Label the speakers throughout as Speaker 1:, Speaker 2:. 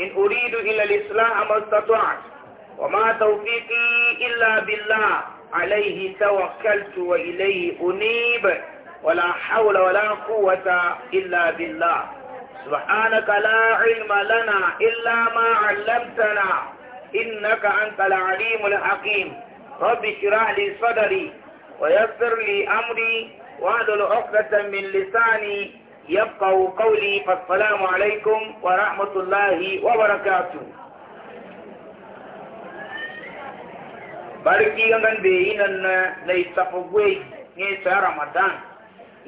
Speaker 1: إن أريد إلا الإصلاح ما استطعت وما
Speaker 2: توفيقي إلا بالله
Speaker 1: عليه توكلت وإليه أنيب ولا حول ولا قوة إلا بالله سبحانك لا علم لنا إلا ما علمتنا إنك أنت العليم الحكيم رب اشرح لي صدري ويسر لي أمري واحلل عقدة من لساني يبقوا قولي فالسلام عليكم ورحمة الله وبركاته barki gangan be inan na na istafugwe ne ta ramadan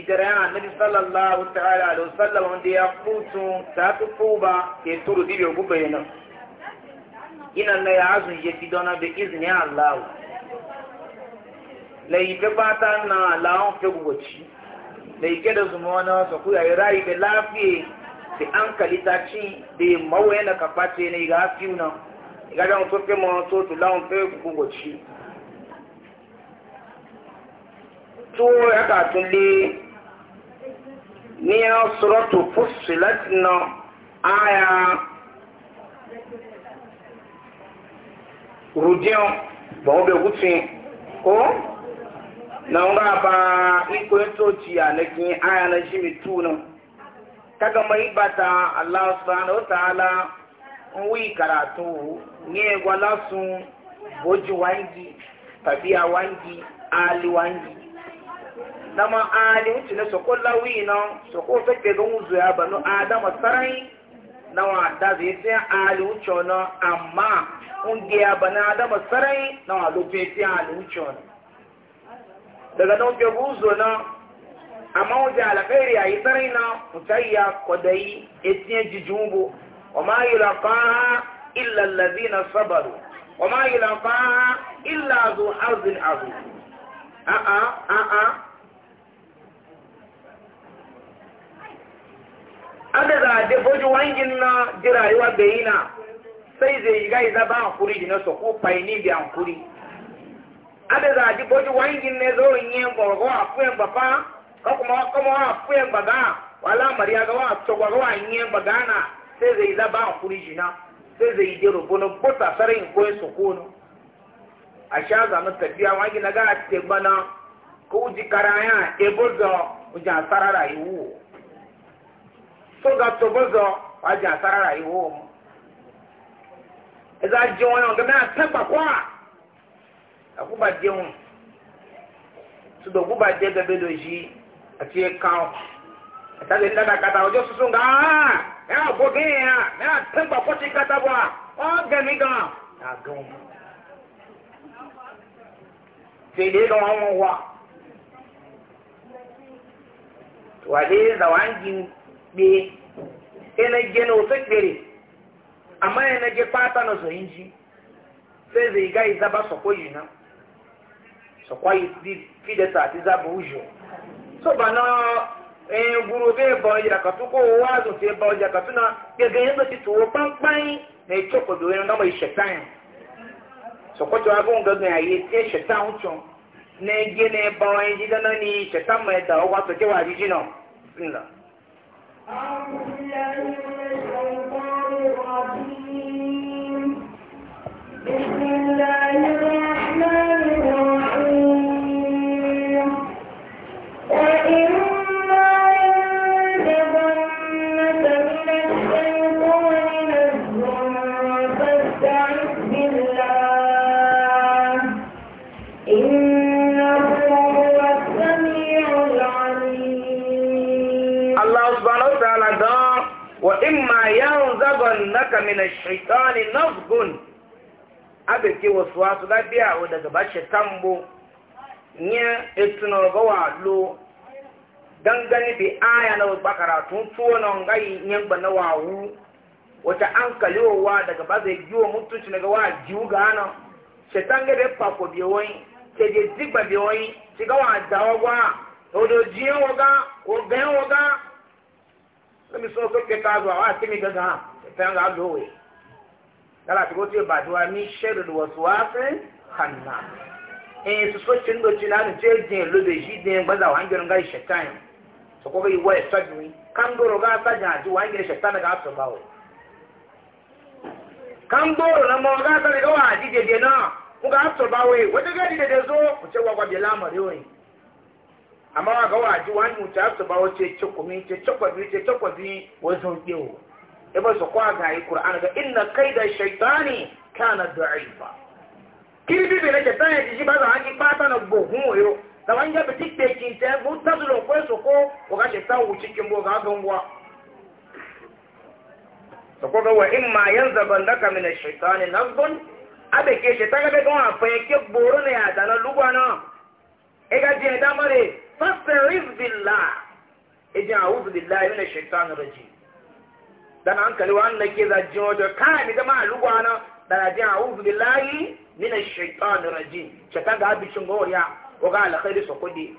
Speaker 1: Ita ya annabi sallallahu ta'ala alaihi wasallam wanda ya kutu ta tukuba ke turu dibe gube yana inan na ya azun je ti dona be izni allah lai be bata na lawo fe gwoci na ike da zuma wani wasa ku yayi rayu da lafiye da an kalita ci da mawaya na kaface na iga hafi na iga da mutu fe mawa so tu lawon fe gugu ci to ya ka tulli ni ya suratu fussilat na aya rudiyan ba wabe na nga ba ikon toci a na kin aya na shi mituna kaga mai bata Allah subhanahu wataala nwi karatu nye gwala sun boji wangi tabia wangi ali wangi dama ali wuce na soko lawi na soko fake ga wuzu ya banu adama sarai na wada zai sai ali wuce na amma ungiya bana adama sarai na wa lufe sai ali wuce na daga nan ke buzo na amma wajen alkhairi a yi sarai na mutayya kwadayi etinye jijumbo wa ma yi lafaha illa lazina sabaru wa ma yi lafaha illa zo arzin azu a'a a'a ada za a dafoji wangin na jirayuwa bayina sai zai yi gai zaba hankuri na su ko faini da hankuri ada za ji boji wangin ne zo nye yin gwargo a fuyen bafa ka a fuyen baga wala mariya ga wa to gwargo a yin na sai zai zaba a jina bota a za na ga te bana ko uji karaya e bozo uja sarara so ga to bozo uja sarara na kwa agubadé wọn ṣùgbọ́n agubadé gẹ́gẹ́ ló yí àti ẹ̀ka ọ̀ àtàlẹ́ ńdàdàkàtà ọjọ́ tuntun gan an ẹ̀ àgbọ̀gẹ́ yẹn à ẹ̀ àtẹ́gbà kọ́tí kàtà bọ̀ à ọ́ gẹ̀mí gan an àgàn wọn.
Speaker 2: fèlè lọ wọn
Speaker 1: wá wàlé zàwáńjì gbé ẹnẹjẹ náà ó fẹ́ gbèrè àmọ́ ẹnẹjẹ pátá náà sọ yín jí fẹ́ zèyí gáyìí sábà sọ̀kọ́ yìí náà. sọ̀kọ́ yìí fideta ati zábùújù sọ́bà soba na gbúrú bí ẹ̀bọ̀ ọjà kàtún kó owó àdùn ti ẹ̀bọ̀ ọjà kàtún náà gẹ́gẹ́ yẹn tó ti tòwó pánpáyín ní ìtòkòdò ẹ̀rọ náà ìṣẹ̀tàn sọ̀kọ́ tó agbóhùn gẹ́gẹ́ àyè tí ìṣẹ̀tàn ń tún na gé e na ẹ̀bọ̀ ẹ̀yìn jíjẹ́ náà ní ìṣẹ̀tàn mọ̀ ẹ̀dà ọwọ́ àtọ̀jẹ́wà ينزغنك من الشيطان نزغ abeke wasu wasu lafiya o daga bashi tambo nye etuna gawa lo dangane bi aya na wasu karatu tuwo na ngai nye wa wawu wata an kalewa daga ba zai giwo mutunci daga wa jiwu ga hana shetan gabe pako biyoyi ke je zigba biyoyi ci gawa dawa gwa odo jiyan waga ko gayan waga lami so ko ke kazo a wa timi gaga fẹ́ràn alóòwe yálà tí kò tí ì bàjẹ́ wa ní ṣẹ́ẹ̀dù wọ̀sùwáfẹ́ kànà ẹ̀yìn soso tí ń lò tí lánàá tí ó dín ẹ̀ lóde yìí dín ẹ̀ gbọ́dọ̀ wà ń jẹun ká ìṣẹ̀ tán sọkọ́ bẹ́ẹ̀ ìwọ ẹ̀ sọ́jú yín kángóró ká sájà àti wà ń jẹ ìṣẹ̀ tán ká sọ̀ bá wò kángóró náà mọ́ ká sájà ká wà á dídèdè náà mo ká sọ̀ bá wò wọ́n ti ká dídèdè zó kò tí wọ́n gbàgbé lámọ̀rí òyìn àmọ́ wà ká wà á di wà ń mú tí a sọ̀ bá wò tí ẹ̀ ebe su kwaga yi ƙura'an ga inna kai da shaitani kana da'ifa kiri bibi na ke tanya jiji ba za a ki fata na gogun oyo da wani yabi tikpe kinte bu ta zulo ko su ko ko ga shaitan wuci kin bo ga gangwa to ko ga wa in ma yanzu ban daka min shaitani nazbun abe ke shaitan ga don afa yake boro ne ya da na e ga je da mare fastariz billah ejin a'udhu billahi minash shaitanir rajim dan dana hankali wannan ke zaji wajen kai mi gama alugwa na dana jin a uzu billahi mina rajim ce shaitan ga bi shin goriya o ga alkhairi su kudi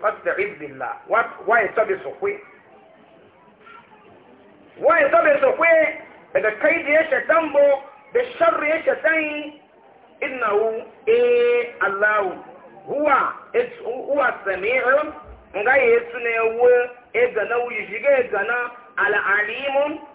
Speaker 1: fasta billah wa wa tabi su kwe wa ya tabi su kwe daga kai da ya shaitan bo da sharri ya shaitan innahu eh allah huwa it huwa sami'un ngai yesu ne wo e na wuyi na gana al'alimun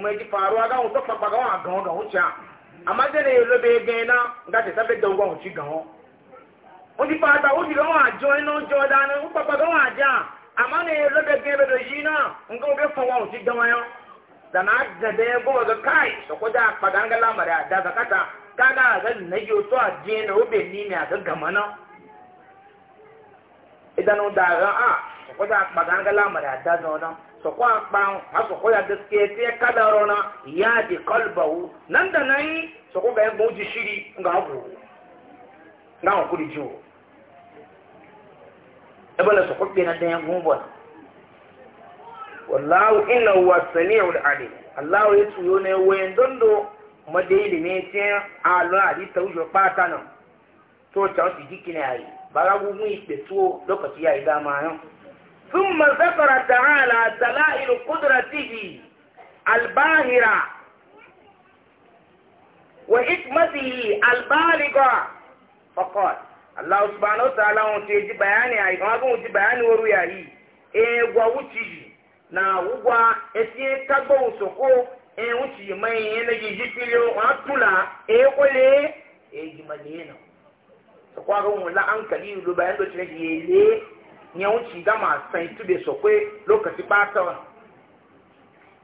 Speaker 1: mai ji faruwa ga wuta fa bagawa a gawo ga wuce amma da ne lobe ga na ga ta tabe da gwa wuce gawo o di fata o di gawa jo ina jo da na u papa gawa ja amma ne lobe ga be do yi na ngo be fa wa wuce gawa yo da na da be go ga kai so ko da padanga la mara da ga kata kaga ga ne yo to a je na obe ni ne a gama na idan e o da ga a so ko da padanga la mara da zo na su kwa kpan a su koya gaske te kadaro na ya di kalbahu nan da na yi ko ga mu ji shiri ga ku na ku di jiwo ebala su ko na da yan gumbon wallahu inna huwa samiul alim allah ya tuyo ne wayan dondo madaili ne te alu ali tawjo pata na to ta yi bara gugun ipe tuo lokaci ya yi ثم ذكر تعالى دلائل قدرته الباهرة وحكمته البالغة فقال الله سبحانه وتعالى وتيجي بياني أي كما قلت بياني ورياهي إيه ووتي na wugwa etinye kagbo usoko e wuce na yana jiji filo wa tula e kwale e jimale na so kwa ga wala an nyɛwuci gama san tu de sokwe lokaci bata wani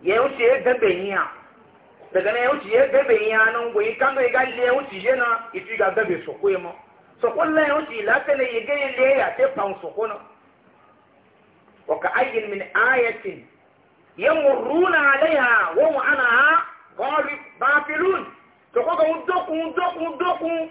Speaker 1: yɛwuci ya gabe niya daga na yɛwuci ya gabe niya nan goyi kan ga iga le yɛwuci je na ifi ga gabe sokwe ma sokwe la yɛwuci la ta ne yege ye le ya te pan sokwe na wa ka ayyin min ayatin yamurruna alaiha wa mu ana ha ghalib bafilun sokwe ga mu dokun dokun dokun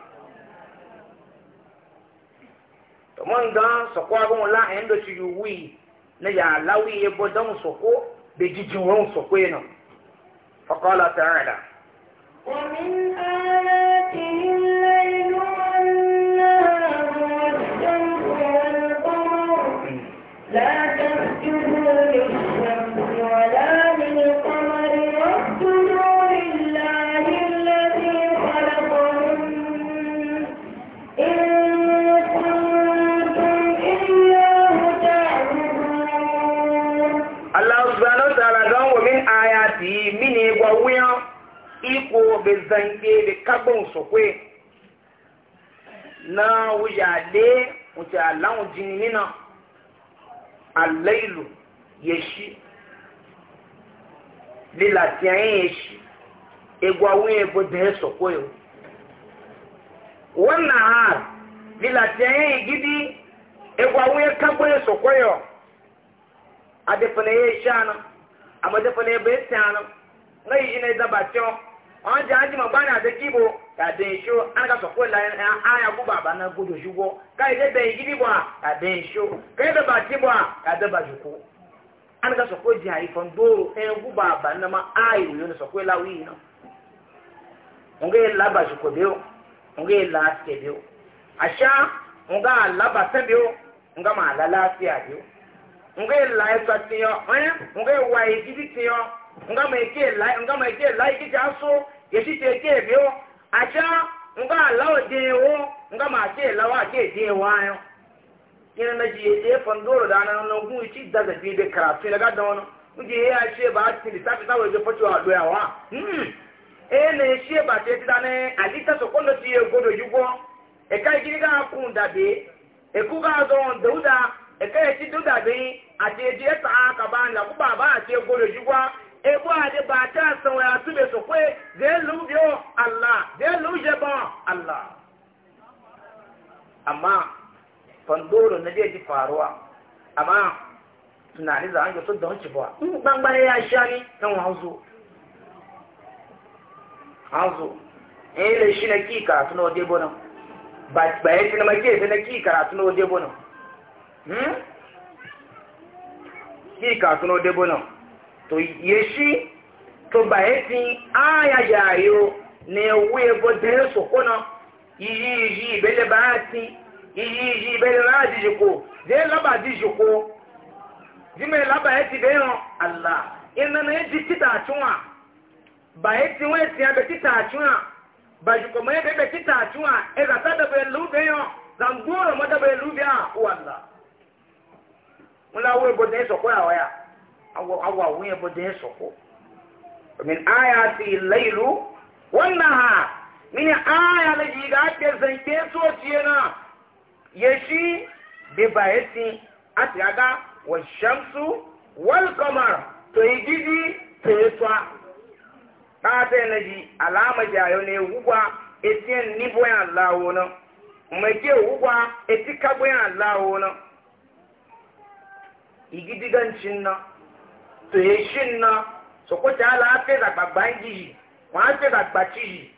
Speaker 1: to man ga soko abun la en do ci yuwi na ya lawi e bo dan soko be jijin won soko yana fa qala ta'ala
Speaker 2: wa min ayatihi
Speaker 1: ko be zange de kabon sokwe na wuya le wuce alawun jinina alailu ya shi lilatiyayen ya shi egwawun ebo da ya sokwe wannan har lilatiyayen gidi egwawun ya kabo ya sokwe a defana ya sha nan a madafana ya bayan sha nan na yi ina zaba cewa wọn jẹ ajima gbani ati kibo kade nso anaka sọfọ la aya ko baba na godo sugbọ ka bẹ igidi bụ a kade nso ka ba ti bụ a kade ba zuku anaka sọfọ di ayi fọ ndoro ẹn ko baba na ma ayi wo na sọfọ la wi na nga ye la ba zuku bi o nga ye la se bi o ahyia nga la ba se bi o nga ma la la se bi o nga ye la ẹsọ ti yọ eh, ẹn nga ye wa igidi ti yọ. nga ma eke lai nga ma eke lai ki ja yesi te eke bi o aja nga ala o de o nga ma eke la wa ke de kina na ji e fandoro da na no gun ichi da da bi de krafi daga da wono nje e a she ba ti ta ta wo je potu a do ya wa hmm e na e she ba te ti da ne alita so kondo ti e godo yugo e kai giri e ga kun da be e ku ga zo do da e kai ti e do da be ati e je ta ka ba na ku ba ba ati e godo yugo ebo ade ba ta san wa su be so kwe ze lu biyo Allah ze lu je ba Allah amma fandoro na je ji faruwa amma tunani za an ga sun da wanci ba in bangare ya sha ni dan wazo hazo eh le shi na ki ka tuno de bona ba ba yi na make sai na ki ka tuno de bona hmm ki ka tuno de na. to yeshi to bayeti aya yayo ne wuye bodere sokona yiji yiji ibele baati yiji yiji ibele baati jiko je laba di jiko jime laba eti beyon allah ina na eji tita atuwa bayeti weti abe tita atuwa bajiko mwe bebe tita atuwa eza tadabe lubeyon zangoro madabe lubea uwallah mula wuye bodere sokoya waya awa wuya ba da ya soko min ayati lailu wannan ha mini aya na ga ke zanke sociye na ya shi bi bayati a tiyaga wa shamsu wal kamar to yi gidi to yi twa ta ta na ji alama jayo ne gugwa etiyan ni boyan lawo na mai ke gugwa etika boyan lawo na igidigancin na to eshin na so ko ta ala fe da gbagba yi wa fe da gbaci yi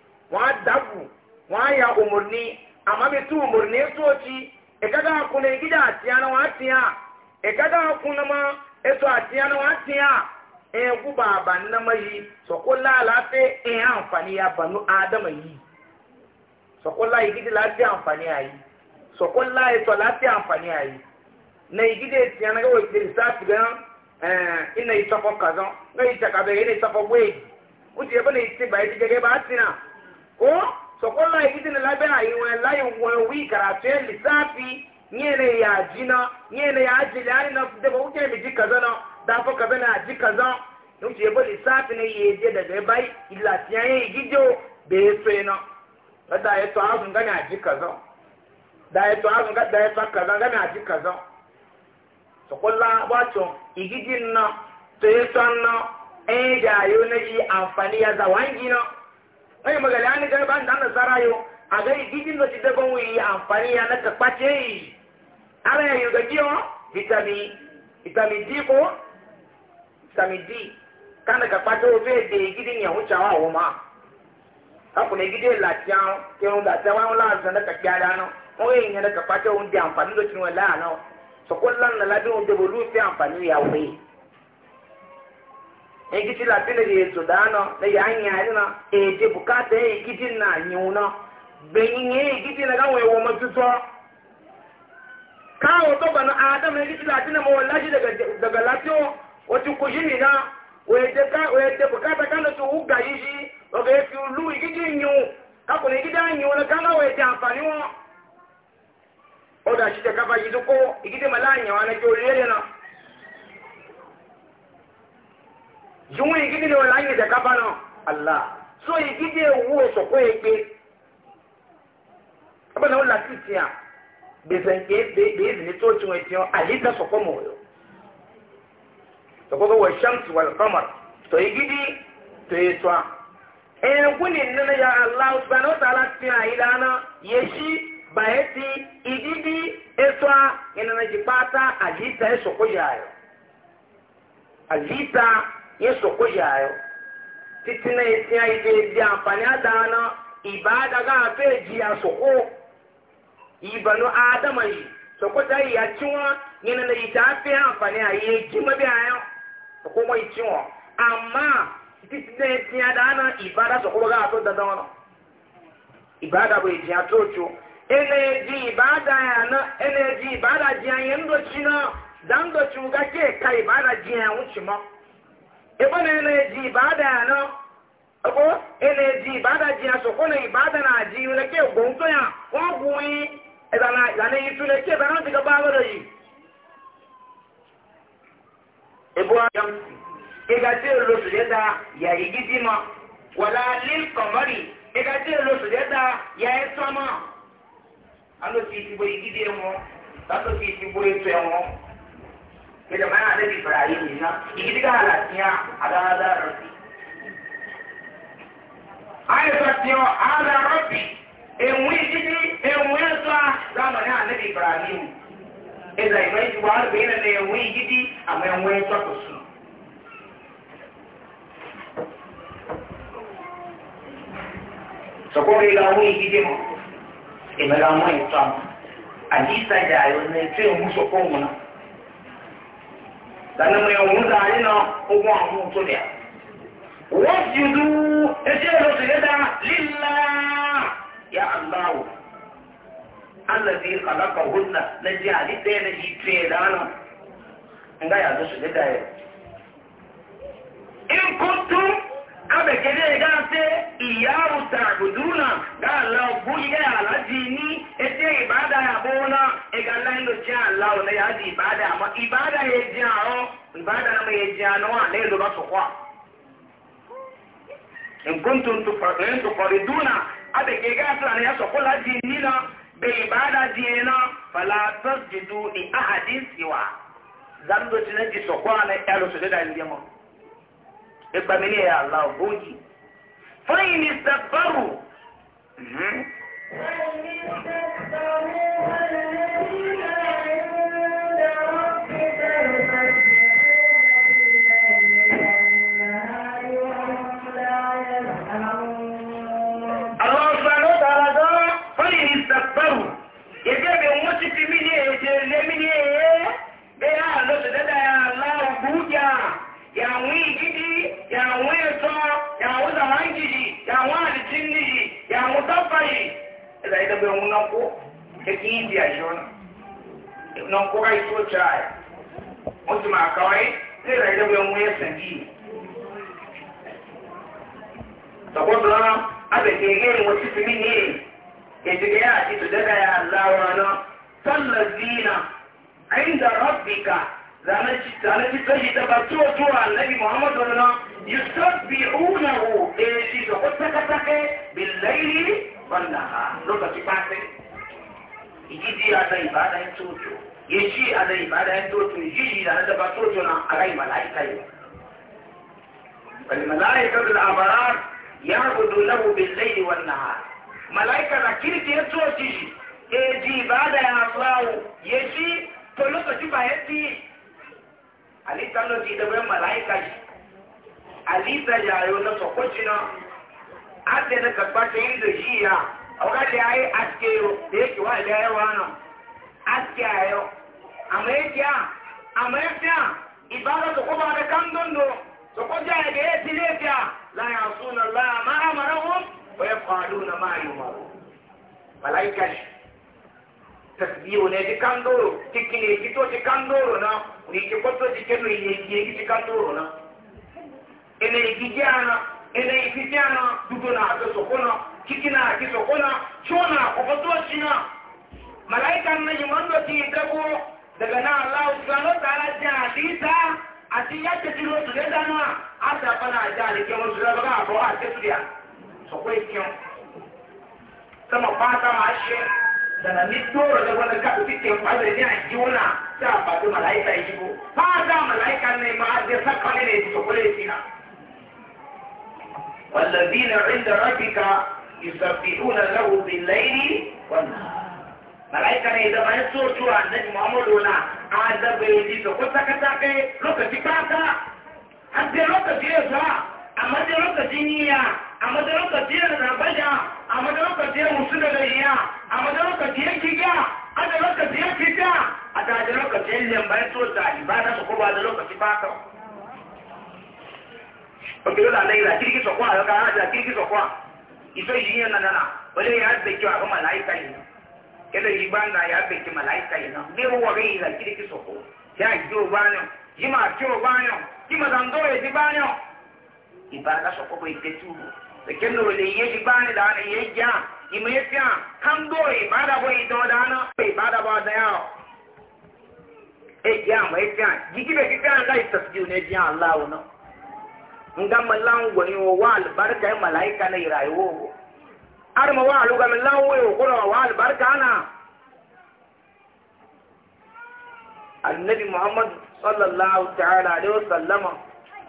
Speaker 1: umurni amma be tu umurni so ci e kaga ku ne na wa atiya e kaga ku na ma na wa e ku baba na mai sokola ko la ala fe e amfani ya banu adama yi so ko la yi gidi la ti amfani ayi so ko la amfani ayi na igide gidi atiya na ga wa ti sa Eh, ina yi sɔfɔ kazɔn nga yi saka bɛ ina yi sɔfɔ wei o tiɛ bɛna yi ti ba yi ti gɛgɛ ba ti na ko sɔkɔ la yi ti na labɛn a yi wɛn la yi wɛn wi karatu yɛ lisaafi nyɛ ne y'a ji na nyɛ ne y'a ji la ayi na dɛbɛ o tiɛ mi ji kazɔn na dafɔ kazɔn na a ji kazɔn o tiɛ bɛ lisaafi ne yɛ jɛ dɛgɛ ba yi lafiya yɛ yi jijo bɛɛ so yen na o da yɛ tɔ a kun ka na a ji kazɔn da yɛ tɔ a kun da yɛ tɔ kazɔn ka na a ji kazɔn sokola wato igigin na tsayesan na ɗaya jayo na yi amfani ya za wangi na wani magali an ga ban da nasara yo a ga igigin da tida ban yi amfani ya na kakpace yi ara ya yuga giyo vitamin vitamin D ko vitamin D kana kakpace o fe de igigin ya wuce wa wo ma kakuna igigin latiyan ke hun latiyan wa hun la'azan da kakkiya da na wani yin ya na kakpace o hun di amfani da cinuwa la'ana sokolan na labi wunde bolu fi amfani ya wai e gidi la pele de to dano na ya anya na e de bukata e gidi na nyuno beyin e gidi na gawo e wo matuto kawo to bana adam e gidi la tina mo laji daga daga latio o ti ko yini na o e de o e de bukata kana to u ga yiji o ga e lu gidi nyu ka ko ne gidi anyu na kana o e de amfani wo ọdọ àṣìṣe kápá yìí tó kó ìgídé màlá àyàn wọn ẹjọ orí ẹlẹ náà jùmọ̀ ìgídé ni wọn láyé ìṣẹ̀ kápá náà àlá so ìgídé owó sọ̀kọ́ ègbé abọ́nà ó làásì tì à gbèsè nké bèèzì ní tó tún ẹtì wọn àyíká sọ̀kọ́ mọ̀ ọ́ sọ̀kọ́ bọ̀ wọ̀ ṣáǹtì wà lọ́mọ̀ tọ̀ ìgídé tó yẹ tó à ẹ̀ẹ́dẹ́gbọ́n ní nínú ya aláwọ̀ sọ̀kọ́ bayeti ididi etwa inanajipata ajita yesokojayo ajita yesokojayo titina etia ide di amfani adana ibada ga afe ji ya soko ibanu adama yi soko ta yi ya ciwa yana da ita afe amfani a yi ji mabi ayo soko mo yi ciwa amma titina etia adana ibada soko ga ato dadana ibada bai ji ato ciwa eneji ibada ya na eneji ibada ji anyị ndochi na da ndochi ụga ka ibada ji ya nwuchi mọ ebe na eneji ibada ya na ebo eneji ibada ji ya sokwa na ibada na aji na ke gbo nso ya wọn gbu yi ẹdana na yi tu na ke bẹrẹ ọdịga ba lọrọ yi ebo ayọ ịga ti olóṣù yẹta yà igi di mọ wàlá lil kọmọrì ịga ti olóṣù yẹta ya ẹ sọmọ. alóòtú ìdìbò ìdílé wọn lọ́sọ̀tún ìdìbò ètò ẹ̀wọ̀n gbẹdẹ máa ń lẹ́bi ìfara yìí nìyá ìdílé ká àlàtíyà àdáradá rẹ̀ sí. àìsàn tiọ́ àdá rọ́bì èwùn ìdílé èwùn ẹ̀sọ́ láwọn ní àlẹ́bi ìfara yìí nì. ẹ̀dà ìmọ̀ ìdìbò àrùbẹ̀ yìí nà èwùn ìdílé àwọn ẹ̀wùn ẹ̀sọ́ kò sùn. sọ̀kọ́ mi là wọ́n ìdílé mọ́ emela ọmọ ìtọ́ àti ìsàjà ìrònú tí òun sọ fún òun náà lànà mọ̀ ẹ̀wọ̀n ń sàárẹ̀ náà ogun àwọn ohun tó dẹ̀ wọ́n ti dú etí ẹ̀rọ sílẹ̀dá lílá yà àgbáwò alẹ́bí kàlákọ̀ hónà lẹ́jẹ́ àdídẹ́ ẹ̀rẹ́ yìí tún ẹ̀dá náà ń gáyà tó sílẹ̀dá ẹ̀ kábẹ̀ kẹ́lẹ́ ẹ̀dá ṣe ìyáàrù tààgùdúnà gáàlá ọgbọ́n ilé àlájì ní ẹjẹ́ ìbádà àbọ́ọ́lá ẹgà láìlò jẹ́ àlá ọ̀nà yáàdì ìbádà àmọ́ ìbádà yẹ jẹ́ àárọ̀ ìbádà náà yẹ jẹ́ àná wà lẹ́yìn ló bá sọ̀kọ́ à. nǹkan tó ń tukọ̀rì dúnà abẹ̀ kẹ́ gáà tó sọ̀kọ́ láti nílá bẹ ìbádà di náà fàlà ekpamini ya allah bonji fayin istaghfaru mhm. da ita bai wunan ko ta kin yi a shi wani nan ko kai so ta ya wasu ma kawai sai da ita bai wunan sanji saboda na abe ke yin wasu fili ne ke jiga ya ci su daga ya allawa na tallazina inda rabbika zane ci tashi ta ba tuwa tuwa annabi muhammadu na yusabbi'unahu eh shi da kwata-kwata billaili والنهار lokaci fasi ijiji ada ibada ya toto yeshi ada ibada ya toto ijiji da da ba toto na agai malaika yi bal malaika bil abrar ya'budu lahu bil layli wan nahar malaika na kirki ya toto shi eji ibada ya Allah yeshi to lokaci ba yati alita lo ti da malaika shi alita ya yo na sokoci na adda na kabba ta yi da shi ya a wakati ya yi aske yau da yake wa da ya wano aske a yau amma ya fiya amma ya fiya ibada su kuma da kan dondo su kuja ya da ya fi ne fiya la ya suna la ma amara hun ba ya faɗo na ma yi umaru malaika shi tasbiyo ne ji kan doro cikin ne to ji kan doro na ni ki kwato ji kenu ya ji kan doro na ina ya ji ana ene ifitiana dudu na akisokona kikina akisokona chona kufotoshina malaika nnaji mwando tiidabo daga na allah subhanahu wa ta'ala jalita ati yake tilo tuledanwa ata pana ajali ke mo zura baga ko ate tudia so ko ikyo sama pata mashe dana mitoro da wala ka utike pale ni ajiona sa ba malaika ijibo pata malaika ne ma de sakale ne so ko le tina na والذين عند ربك يسبحون له بالليل والنهار dama ne da bayan sojuwa annabi Muhammadu na A zaba yaji to ko saka saka lokaci kaka an da lokaci ya zuwa amma da lokaci ni ya amma da lokaci ya na baja amma da lokaci ya musu da ya amma da lokaci ya kiga a da lokaci ya kiga a da lokaci ya lembar sojuwa ibada su ko ba da lokaci ba ka ọ̀gbìn lẹ́yìn la kiriki sọ̀kọ́ àyọ̀ ká ájà kiriki sọ̀kọ́ à ìfẹ́ yìí yẹn nana wọlé yà á bẹ̀jọ àwọn màláìka yìí kẹlẹ́ yìí bá nà yà á bẹ̀jọ màláìka yìí náà bí wọ́n rí yìí la sọ̀kọ́ yà á jó bá yàn yìí máa jó bá yàn yìí máa dàn dọ́rọ̀ ti ti bá yàn dáná yé já ìmọ̀ yé fi hàn kándó ìbádàbọ̀ àwọn èjì àwọn yìí kí bẹ́ẹ̀ fi ní èjì àwọn aláwọ̀ nga malan gwani wa wa albarka ya e malaika na rayuwa e wo ar ma wa ga malan wo yo kuna wa albarka na. annabi muhammad sallallahu ta'ala alaihi wasallama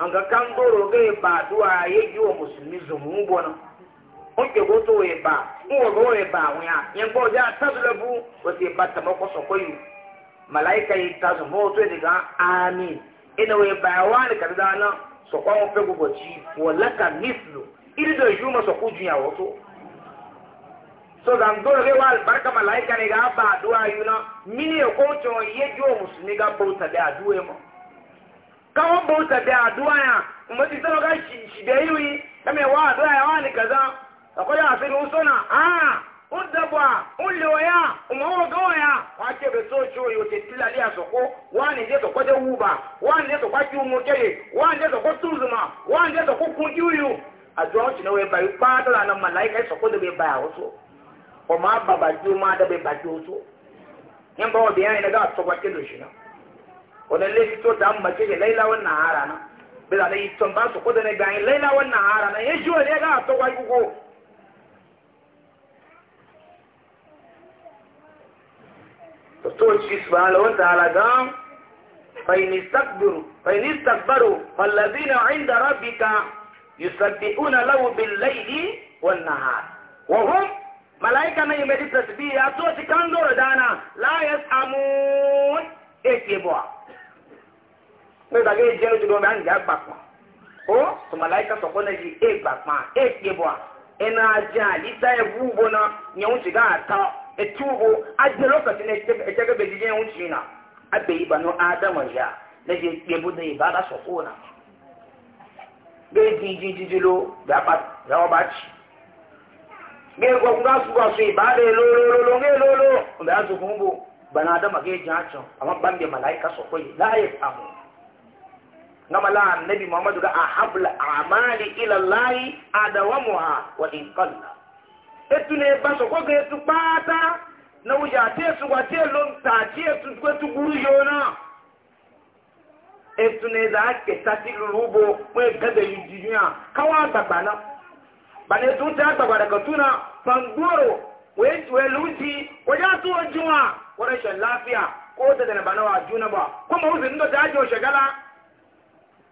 Speaker 1: an ga kan goro ga ba duwa wa musulmi zumu bona oge goto ya ba ya ba wọn ya yẹn gbọ́ ọjà ba malaika yìí tazùmọ́ na wọ́n ya ba na. sọ̀kọ́ àwọn fẹ́ gbogbo jì wọ̀ lẹ́ka nífìlò ìdídò ìjú mọ̀ sọ̀kú ju ìyàwó tó. sọ̀dà ń dọ́rọ̀ wíwá àlùbáríkà màláìka ni gàá bá àdúrà yìí ná mímí ẹ̀kọ́ tó ń yé jù mùsùlùmí gà bọ̀ tàbí àdúrà mọ̀. káwọn bọ̀ tàbí àdúrà yà mọ̀ ti sọ̀rọ̀ ká ṣì udabwa uloya umawogoya wake besocho yote tilali asoko wani je to kwaje uba wani je to kwaji umokele wani je to kotuzuma wani je to kukujuyu ajo chino we bayu pato la na malaika soko de baya oso ko ma baba ju ma da be baju oso nyamba wa biya ina ga to kwaje lo shina ona le to dam ma ke laila wa nahara na bila le to ba soko de ne ga laila wa nahara na yejo le ga to kwaji فستوشي سبحانه وتعالى قام فإن استكبروا فإن استكبروا فالذين عند ربك يسبحون له بالليل والنهار وهم ملائكة ما يمدي تسبيح أتوشي كان دور دانا لا يسأمون إكيبوا ماذا جاي جنو جنو بان جاك باكما ko su malaika sako na ji e gbakpa e kebwa ina ji alita ewu bona nyawun shiga ata etubo aje lokacin da ita ga bejijin wuce na agba yi banu adama ya na je na da ibada su kona bai jijin jijilo da ba ba ci bai gwagwu ga su su ibada lolololo ne lolo da ya su kumbo bana adama ga jin hacin amma ban da mala'ika su koyi la gama la ga a amaani ila adawamuha wa in etu na eba sokwa ga etu kpaata na wuja ati etu gwa ati elo nta ati etu kwetu gburu yo na etu na eza aketa ti lulu ugbo kwe gada yi jiju ya kawa agbagba na bana etu nta agbagba daga tuna pangoro wee wee luji wajen atu ojuwa wadda shan lafiya ko da da na bana wa juna ba kuma wuzi ndo ta ajiye shagala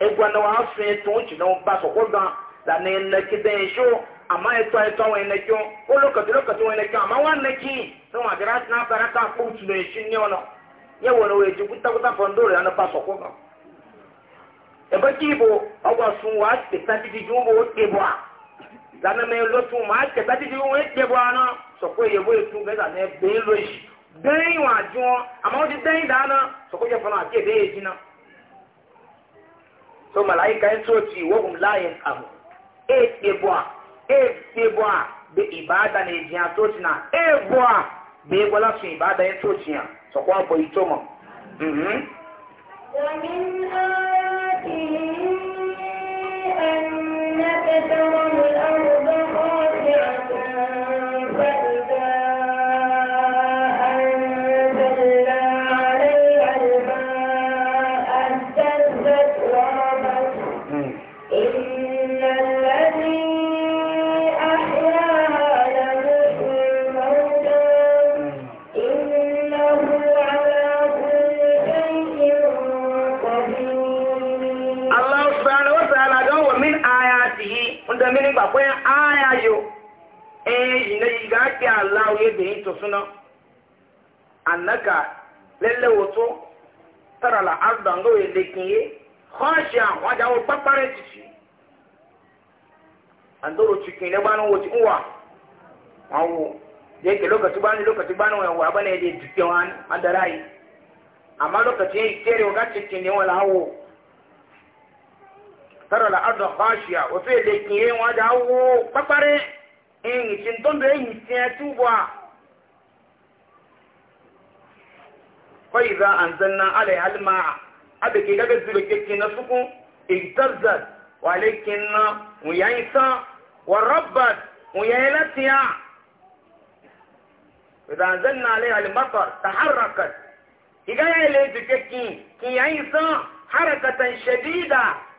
Speaker 1: egwa na wa sun eto o jinan ba so ko gan la ne na ki den sho amma eto eto wa ne kyo ko lokaci lokaci wa ne kyo amma wa ne ki so wa gara na baraka ko tu ne shin ne wono ye wono we ji kuta kuta fondo re na ba so ko gan e ba ki bo agwa sun wa ti ta ju bo ti bo a la na me lo tun ma ti ta ti ju we ti bo ana so ko ye bo etu ga na be lo yi dẹ́yìn wàjú wọn àmọ́ ó ti dẹ́yìn dáná sọ kó jẹ́ fọlọ́ àti èdè e èjì náà so malaika yin soci wahum layin abu e ɗebuwa e ɗebuwa da ibada ne jiya soci na e buwa da ya gwala su ibada yin soci ya so kuwa bai to ma
Speaker 2: ومن آياته أنك ترى الأرض
Speaker 1: akwai aya yo e, eh ina iga ala Allah ye be to suna annaka lalle woto tara la arda ngo ye lekiye khasha waja wo papare tichi andoro chikin gbanu banu woti uwa awo je ke lokaci gbanu lokaci gbanu wa bana ye dikyo an adarai amma lokacin yake kere wakati cikin ne wala awo tara la arda khashiya wa fi le kiye wa da wo papare in cin ton be in cin tuwa fa idza anzalna alaiha alma abe ke gabe zube ke kin na suku igtarzat wa lakin mu yaisa wa rabbat mu yailatiya idza anzalna alaiha almatar taharrakat igaya le duke kin kin yaisa harakatan shadida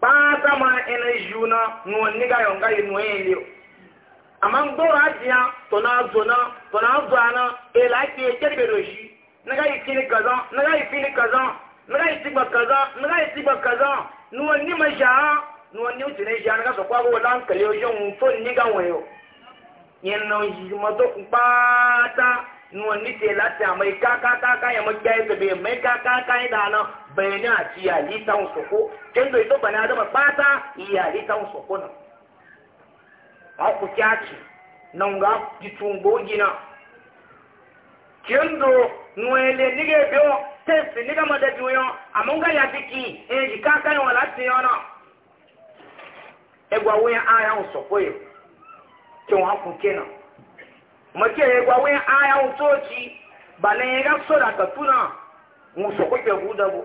Speaker 1: kpaata ma ene juna nuwa niga yo nga ye nuwa ele ama ngora dia to na zona to na zona ela ke kerberoji naga yi kini kaza naga yi kini kaza naga yi tiba kaza naga yi tiba kaza nuwa ni ma ja nuwa ni uti ne ja naga so kwa go lan kale yo yon to niga won yo yen no yi ma to kpaata nuwa ni te lati ama ka ka ka ka ya ma ga ebe me ka ka ka ida na bayana ci ya litan soko ken do ito bana da bata ya litan soko na a ku kyaci nan ga jitun bogina ken do nuele nige biyo test niga mada juyo amun ga ya diki e ji kakan wala tiyo na egwa wuya aya soko yo ken wa ku kenan mace egwa wuya aya utoci bana ya ga so da katuna mu soko ke gudago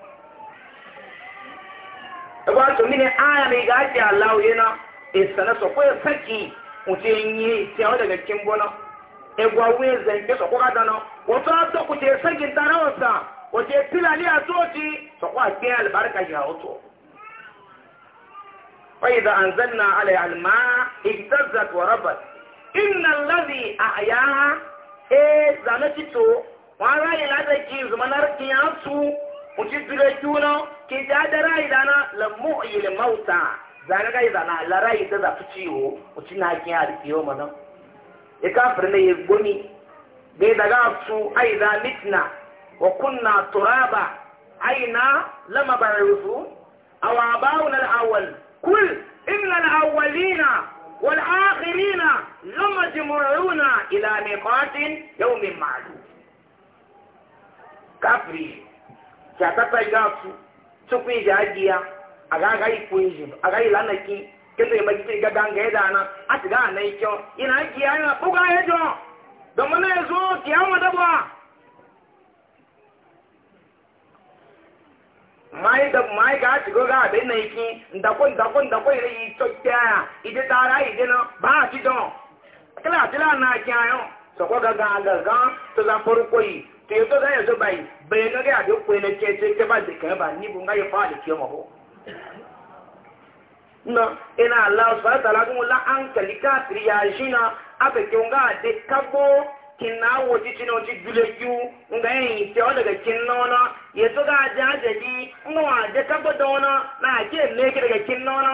Speaker 1: ba to mine aya mai gaci Allah yana isana so ko saki mutin yi tiyawa daga cikin bono e gwawe zanke so ko kada no wato to ku te saki tarawsa wato tilali a toti so ko ake albarka ya wato فإذا أنزلنا عليها الماء اهتزت وربت إن الذي أحياها إيه زانتي تو وأنا إلى ذلك زمان أركي mujibire juna ke ja da rai dana la mu'yil mauta zana ga zana la rai da za su ciwo mutum na kin ya rikiyo mana ya kafir ne ya goni ne daga su aiza mitna wa kunna turaba aina lama barusu aw abauna al-awwal kul inna al-awwalina wal akhirina lama jumu'una ila miqatin yawmin ma'lum kafiri kyatata igasu ga iji agiya a ga aga ikwu iji a ga ila na ki kendo ya bagite ga ganga eda na a ga na ikyo ina buga hejo domin na yazo ki hawa dabwa mai da mai ga ci go ga na iki ndako ndako ndako ile yi to tara ide na baa don na sọ̀kọ́ gangan agangan tó za forúkọ yìí tó yẹ tó za yẹ tó báyìí bẹ̀yẹ gẹ́gẹ́ àti òkú ẹni tí ẹ ti tẹ́ bá di kẹ́ bá níbu nga yẹ fáwọn àlèkí ọmọ bọ̀. nọ iná aláwọ sọ̀rọ̀ tàlá tó ń la káàkiri yà jí na abẹ́kẹ́ nga àdé kábó kinna awo titi na oti dule ju nga eyin tẹ ọ daga kinna ọna yẹ tó ga adé adé di nga wọn adé kábó dán ọna na àti èlé kí daga kinna ọna.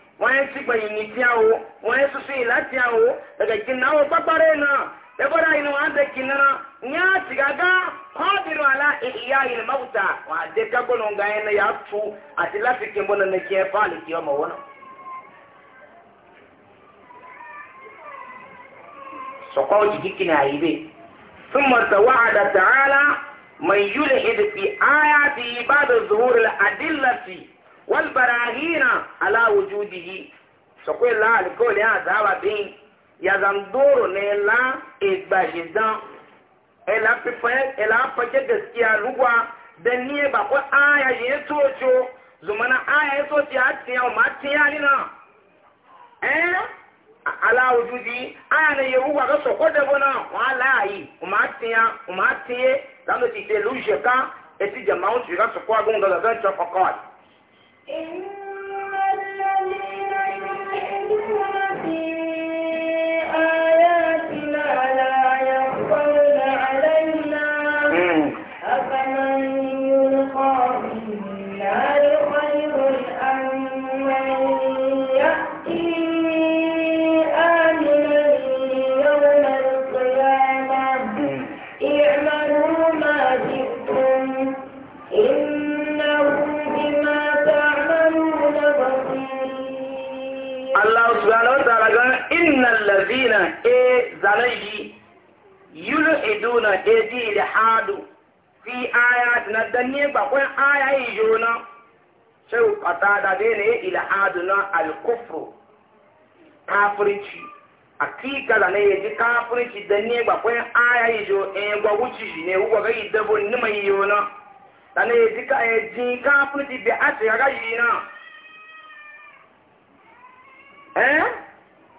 Speaker 1: wọ́n yẹn ti gbẹ̀yìn ní tí a wo wọ́n yẹn susu yìí láti a wo ẹ̀gẹ̀ kì náà wọ́n pápárẹ̀ náà ẹgbọ́dá yìí ni wọ́n á bẹ̀ kì náà ní a ti gàgá kọ́ọ̀dìrún àlá ìyá yìí ni mọ́wùtà wọ́n á dé kágbọ́nà ọ̀gá yẹn náà yà á tu àti láti kí n bọ́ náà kí ẹ fáàlì kí ọmọ wọn. sọ̀kọ́ òjijì kì ní àyè bẹ́ẹ̀ fún mọ̀tà wàhálà tààlà mọ̀ yúlẹ̀ ìdìbì áyà ti ìbádọ̀ walbarahina ala wujudihi sọ̀kọ́ ìlà àlùkọ́ọ̀lẹ́ àzáwà bí yazandoro na ìlà ìgbàjìdán ìlà pípẹ́ ìlà pẹ́jẹ́ gaskiya lugwa da ní ìbàkọ́ aya yìí tó ojo zùmọ́nà aya yìí tó ti á ti yàn má ti yàn nínà ẹ́ ala wujudihi aya na yẹ̀wù wà kó sọ̀kọ́ dẹ́gbọ́n náà wọ́n á láàyè wọ́n á ti yàn wọ́n á ti yé lánàá ti tẹ̀ lóṣèká etí jẹ̀máwó tìrì ká sọ̀kọ́ agóńgọ́dọ̀ fẹ́ tọ́ kọ́kọ́ àti.
Speaker 2: إن الذين يلحدون
Speaker 1: na alkufru kafirci akika da ne yaji kafirci da ne ba kwen aya yi jo en eh, gwa wuci shi ne wuwa ga yi dabo ni mai yi na da ne yaji ka yaji eh, kafirci bi a ce ga yi na eh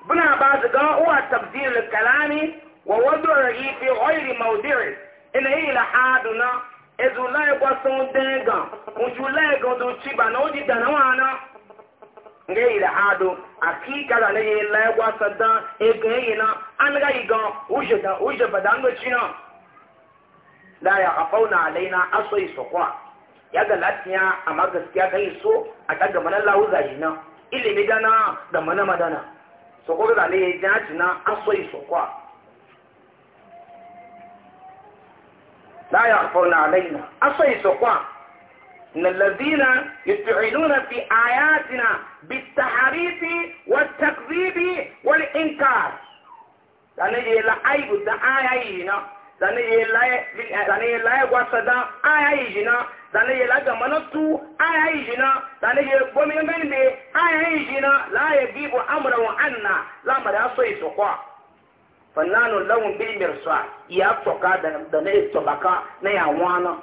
Speaker 1: buna ba su ga uwa tabdil kalami wa wadda yi fi ghairi mawdi'i ina yi la haduna ezula ya kwasun denga ujula ya godo chiba na oji danawana nga yi da ado akika da ne la gwa sada e ga yi na an ga yi ga uje da uje ba dan gochi na la ya afauna alaina asoi sokwa ya ga latiya amma gaskiya kai so a daga mana lawu za yi na ilimi dana da mana madana sokwa ga ne ya ji na asoi sokwa la ya afauna alaina إن الذين يستعينون في آياتنا بالتحريف والتكذيب والإنكار لأن يلا عيب آياتنا لأن يلا يقصد آياتنا لأن يلا جمانتو آياتنا لأن يقومي من آياتنا لا يجيب أمره عنا لا مرأسي سقوا فنانو لهم بالمرصاد يأتوكا دنيا تبكا نيا وانا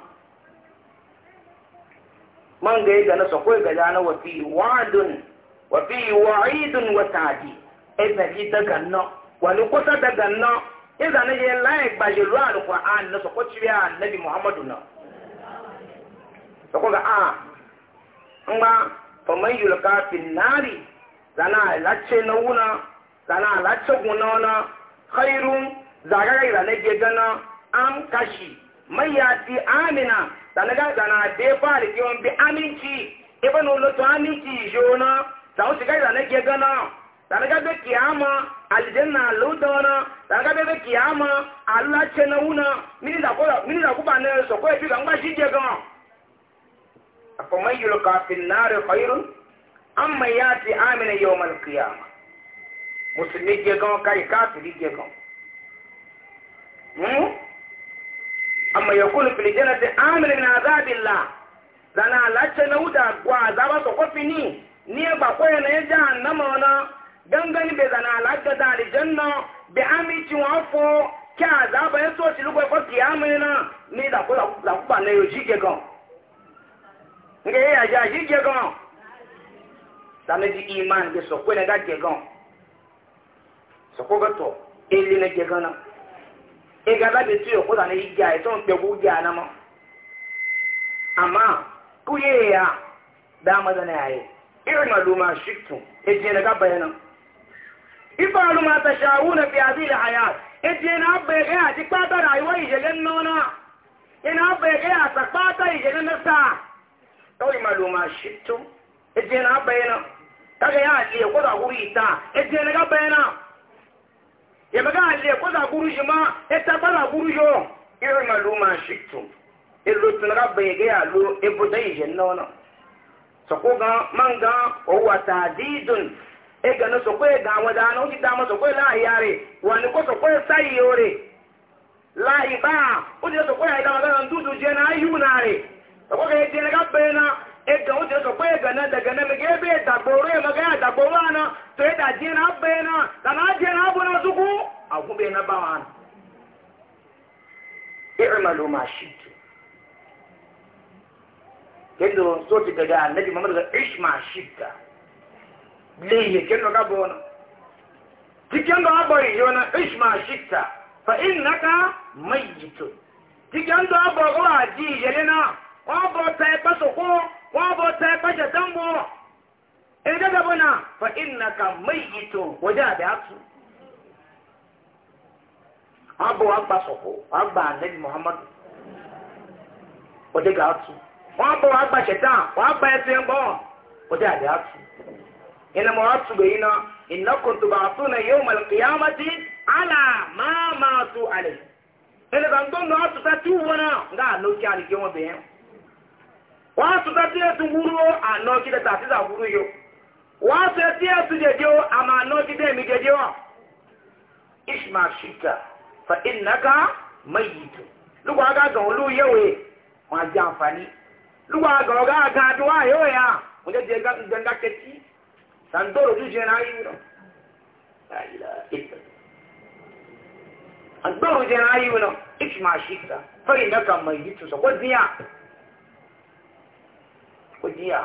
Speaker 1: man ga yi gana sakwai ga jana wa fi wa'adun wa fi wa'idun wa ta'adi e ta ji daga wa ni kusa daga nan e zane je laye gbaje ruwa alquran na sako ci ya nabi muhammadu na sako ga a ah, an ba fa man yulqa fi nari zana lace na wuna zana lace guna na khairun zaga ga zane gana an kashi mai yati amina sanaga zana de fari kiwon bi aminci ibn ulutu aminci jona sau shiga zana ke gana sanaga be kiyama aljanna lutona sanaga be kiyama allah chena una mini da ko mini da ko ba ne so ko e bi ga ngba shije gana afaman yulqa fil nar khairun amma yati amina yawm qiyamah musulmi je gana kai kafiri je gana hmm amma ya kulu fili jannati amil min azabillah zana lace na wuta kwa azaba so kofi ni ni ba na ya jahannama wana gangani be zana lace da aljanna be amici wa fo ke azaba ya so ti lugo ko ni da na yo jike gan ega labe tu yo kota na igya eto mpe ku igya na mo amma kuye ya da ma da na yayi irma e duma shiktu eje na ga bayana ifalu e ma na fi hadhihi alhayat eje e na abbe ga ati pata rayuwa ije gen nona ina abbe ga ata pata ije gen nasa to irma duma shiktu eje na bayana kaga ya ali kota ku ita eje na ga bayana ya baga alle ko za guru shi ma e ta bara guru yo irin maluma shiktu illo tun rabba ya ga ya lo e bu dai je na so ko ga manga o wa tadidun e ga no so ko e ga wa da no ji da ma so ko la yare wani ko so ko sai yore la iba o ji so ko ya da ma ga ndu je na ayu na re so ko ga je na ga be na e ga o ji so ko ga na daga na me ga be da boro e ma koro na to yi daje na abbe na da na je na abu na zuku a gube na bawa na i'malu ma shi'tu kendo so ti daga annabi Muhammad da ish ma shi'ta leye kendo ga bona tikin da abori yona ish ma shi'ta fa innaka mayyitun tikin da abori ji yelena wọ́n bọ̀ tẹ ẹgbẹ́ sọ̀kọ́ wọ́n bọ̀ tẹ ẹgbẹ́ sẹ̀tẹ́ńbọ̀ in ga gaba na fa inna ka ito, waje a da su abu wa gba soko wa gba annabi muhammadu waje ga su wa abu wa gba Shetan, wa gba ese gbọ waje a da su ina ma wasu ga ina inna kuntu ba su na yau malkiyamati ala ma ma su ale ina ka ndo na wasu ta ci wana ga aloki alikin wa bayan wasu ta ci ya tunguru a noki da tafi za guru yau wọ́n fẹ́ tí ẹ tún jẹjẹ o àmà àná jíjẹ mi jẹjẹ wa ishma shita fa innaka mayitu lúgbà aga gan olú yẹwèé wọn á jẹ àǹfààní lúgbà aga ọgá aga adúwà yóò yá wọn jẹ jẹ kẹtí sàǹdọ̀rọ̀ ojú jẹ náà yìí rọ àǹdọ̀rọ̀ jẹ náà yìí rọ ishma shita fa innaka mayitu sọ kó díyà kó díyà.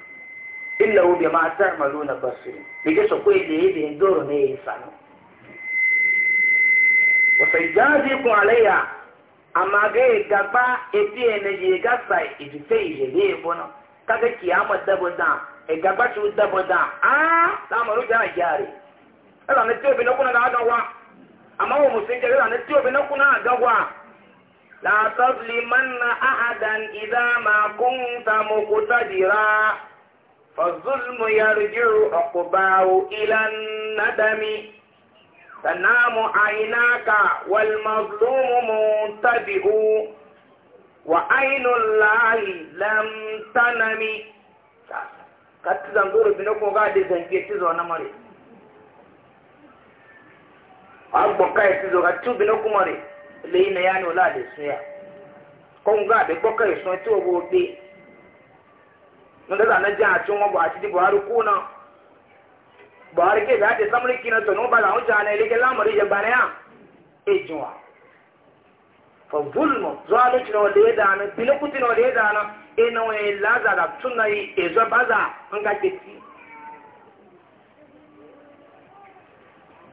Speaker 1: illa ma bima ta'maluna basir bige so ko ile ile ndoro ne isano wa sayyaziku alayya amma ga gaba eti ene ye ga sai idite ile le bono kaga kiyama dabo da e gaba chu dabo da ah da maru ja jare ala ne tebe na kuna ga gawa amma wo musin jare ala ne tebe na kuna gawa la tazlimanna ahadan idza ma kunta muqtadira فالظلم يرجع عقباه إلى الندم تنام عيناك والمظلوم منتبئ وعين الله لم تنم kati zanguru bino ko ga de zanke ti zo na mare agbo kai ti zo ga tu bino ko mare le ina yani ola de suya ko ga de ko kai so ti obo be nunda za na ji a cin wani buhari buhari kuna buhari ke da ta samar kina to no ba za mu ja ne leke lamari ya bana ya e jinwa fa zulmu zalunci no da ya dana bilakuti no da ya dana e na wani laza da tunna yi e zo baza an ga kiti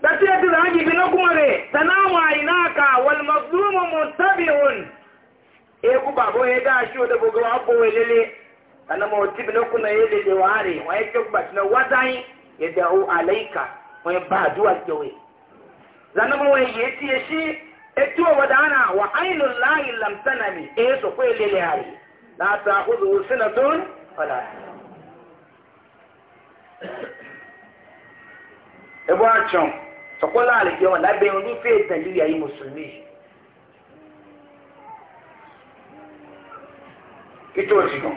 Speaker 1: da ta yadda za a gibi na kuma ne sanawa inaka wal mazlumu mutabi'un e kana mo tibi na kuna yede de ware wa yake gbat na wadai yada u alaika wa ba duwa kewe zana mo wa yeti yeshi etu wadana wa ainul lahi lam tanami e so ko lele hari la ta'khudhu sinatun wala ebo achon sokola alikiyo la be ndu fe tanjili ayi muslimi kitochi kon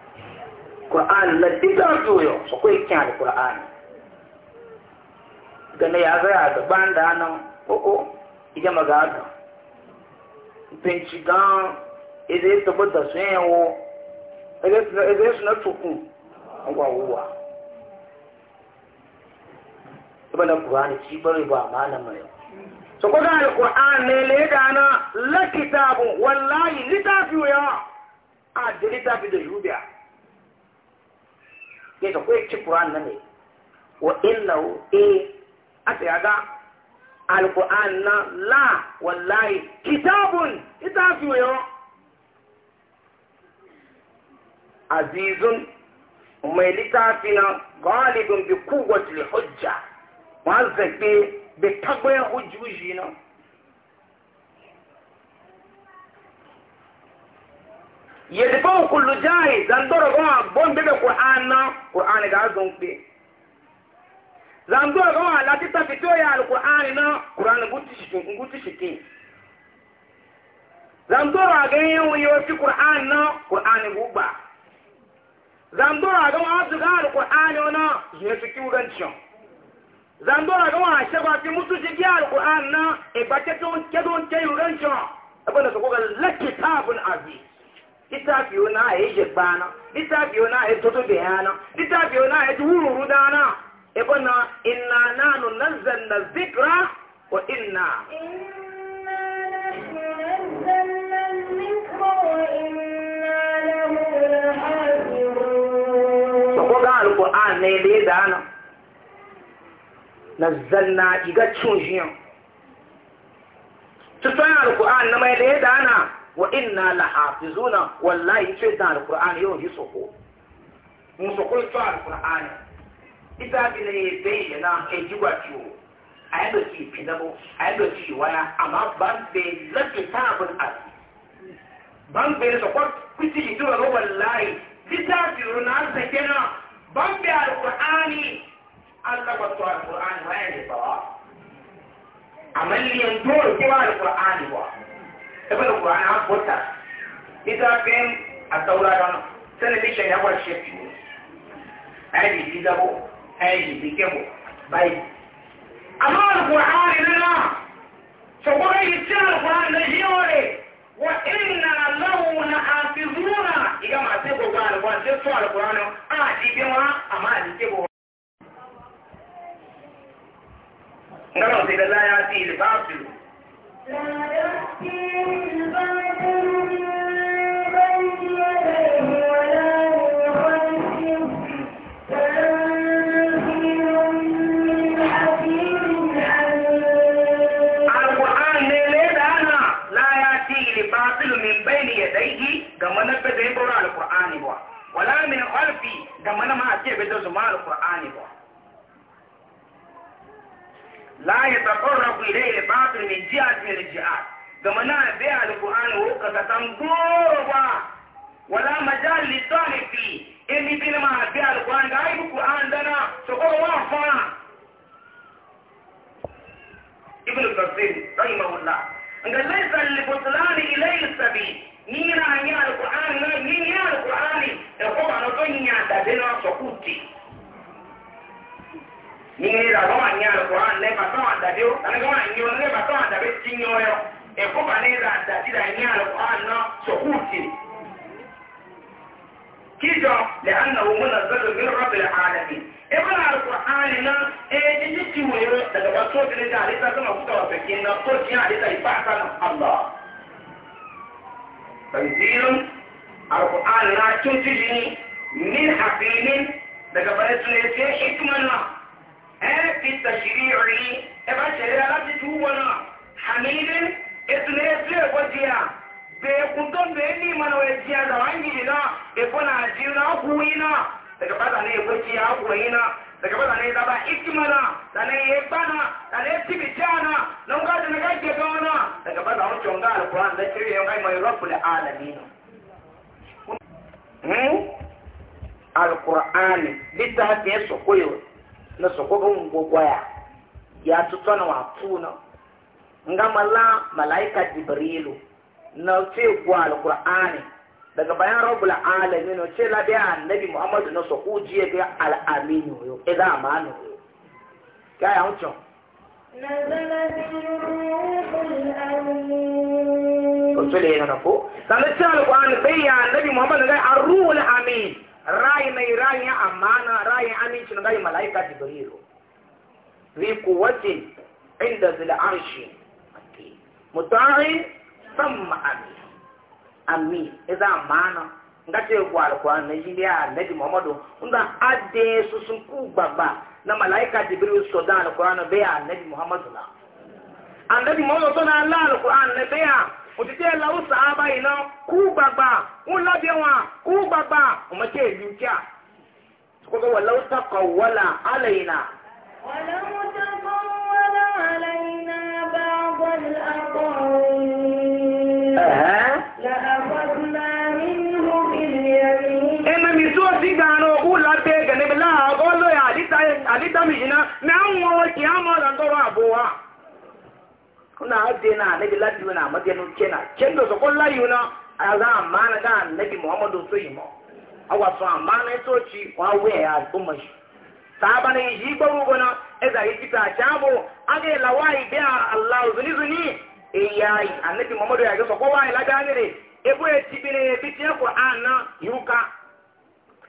Speaker 1: qur'an la diga doyo so ko kyan da qur'an gane ya ga ya ga banda nan o o ija maga ga pencigan ede to bota senwo ede ede na tukun ngwa wuwa ibana qur'an ci bare ba malama yau
Speaker 2: so ko ga alquran ne le
Speaker 1: dana la kitabun wallahi litafi ya a bi da yubiya ke da kuwa ci Qur'an nan ne wa illahu eh asa ya ga alquran na la wallahi kitabun ita fi azizun mai littafi na galibin bi kowace hujja wa zabe bi tagwai hujjuji na Yadda yedifɔw kulu jaahi zandoro gɔn bon bebe qur'an na qur'an gaa zɔn kpe zandoro gɔn a lati tafi to ya ali qur'an na qur'an guti shike zandoro a gɛn yewu yewu fi qur'an na qur'an gu gba zandoro a gɔn a zuga ali qur'an na zuye fi kiwu gan tiɲɔ zandoro gɔn a shɛba fi mutu jigi ali qur'an na egba kɛtɔn kɛtɔn kɛ yu gan tiɲɔ ebe na sɔgɔ ka lakitaabun aziz littafi wani a yi jibba na littafi wani a yi toto da yana littafi wani a yi tuhururu dana ebe na inna nanu nazzan na zikra wa inna
Speaker 2: Sako ga alƙur'an
Speaker 1: ne da ya dana, nazzan na iga cin jiyan. Tutun alƙur'an na mai da ya dana, wa inna la hafizuna wallahi ce da alqur'ani yau yi soko mu soko to alqur'ani ita bi ne bayyana e jigwa ciwo ayi da ci fidabo ayi da ci waya amma ban be lati tabun as ban be so ko kuti jidura ro wallahi litafi runa sakena ban be alqur'ani Allah ba to alqur'ani waya ne ba amma liyan to ke ba alqur'ani ba ebe da kur'ani ha bota littafin a taura don television ya kwa shefi ayi bi dabo ayi bi kebo bai amma alkur'ani lana saboda yi cin alkur'ani na yore wa inna lahu na hafizuna iga ma se ko ga alkur'ani se so alkur'ani a di bi wa amma a di kebo ngalo se da la ya ti ilbasu da mana ma a ce bai da su ma alƙur'ani ba لا يتقرب إليه باطل من جهة من الجهات كما نبي القرآن وقت تنظر ولا مجال للطالب فيه إني بينما نبي القرآن لا القرآن دنا سقوط وعفا ابن كثير رحمه الله أن ليس لبطلان إليه السبيل نينا أن يا القرآن نينا القرآن يقوم على طنيا تبين سقوطي nínú ìlà lọ́wọ́ ní àlùkòrá lẹ́bà táwọn àdàdé ó tàbíwọ́n àyíyọ lẹ́bà táwọn àdàbé tí yọ ẹ ẹ̀kọ́ bà ní ìlà àdàdídà ní àlùkòrá náà sọ̀kúùtì kíjọ lè hàn náà wọ́n náà zọ́lọ́ ní rọ́bìlì àdàdé ẹgbẹ́ náà àlùkòrá nínú ẹ̀ẹ́dẹ́ ní ti wòye dàgbà tó ti lẹ́jà àdéta tó náà kúta ọ̀fẹ́ kí náà tó ti àdéta ìfá àtàlù àlọ́ àlùkòrá náà tún ti di ní àfihàn daga bane tunaye sai hikman nan في التشريع ابا شريعة لا تتوبنا حميد اتنا يسلي وجيا بيكون بيني من وجيا زوانجي لا يكون عجينا قوينا تكبر أنا وجيا قوينا تكبر أنا دابا إكمنا أنا يبنا أنا تبيجانا نونغا تنغا جبانا تكبر أنا شونغا القرآن لا تري يونغا ما يرب العالمين القرآن لتهتي سكويو na sokogo ngogwa ya ya tutona wa puna nga mala malaika jibrilu na ce gwa alqur'ani daga bayan rabbul alamin no ce labi annabi muhammadu na soko jiye ga al'aminu yo idan amanu yo ya ya huncho
Speaker 2: نزل به
Speaker 1: الروح الأمين. قلت لي أنا فوق. قال القرآن بيان النبي محمد قال الروح الأمين. rai mai rai ya amana rai aminci na rai malaika jibrilu ذي قوة عند ذي العرش مطاع ثم أمين أمين إذا أمانا nga ce ku alkuwa na yi a nabi muhammadu nga ade su sun ku gbagba na malaika jibril so da alkuwa na bai a nabi muhammadu na annabi muhammadu na ala alkuwa na bai òtítí ẹ̀ lọ́wọ́ sàábà yìí náà kú gbàgbà ń lábẹ́ wọn kú gbàgbà ọmọ tí èyí ń kíá. kókó wà lọ́wọ́ sàkọ̀ wọ́là alẹ́ yìí náà.
Speaker 2: ọ̀làwọ́ sàkọ̀ wọ́là alẹ́ yìí náà bá bọ́ọ̀lù àkọ́rin.
Speaker 1: àdítàmì yìí náà ní àwọn ọ̀rọ̀ kìí àmọ́ ọ̀rọ̀ àbò wa. na ade na anabi ladiwe na amadiya no kena kendo so kon layu na ala amana ga anabi muhammadu so yimo awa so amana so chi wa we ya umma shi sahaba ne yi gbaru gona eza yi kita chabo age lawai bi allah zuni zuni e yayi anabi muhammadu ya ga so ko wa ila ga ngere ebo e tibine bi ti qur'an na yuka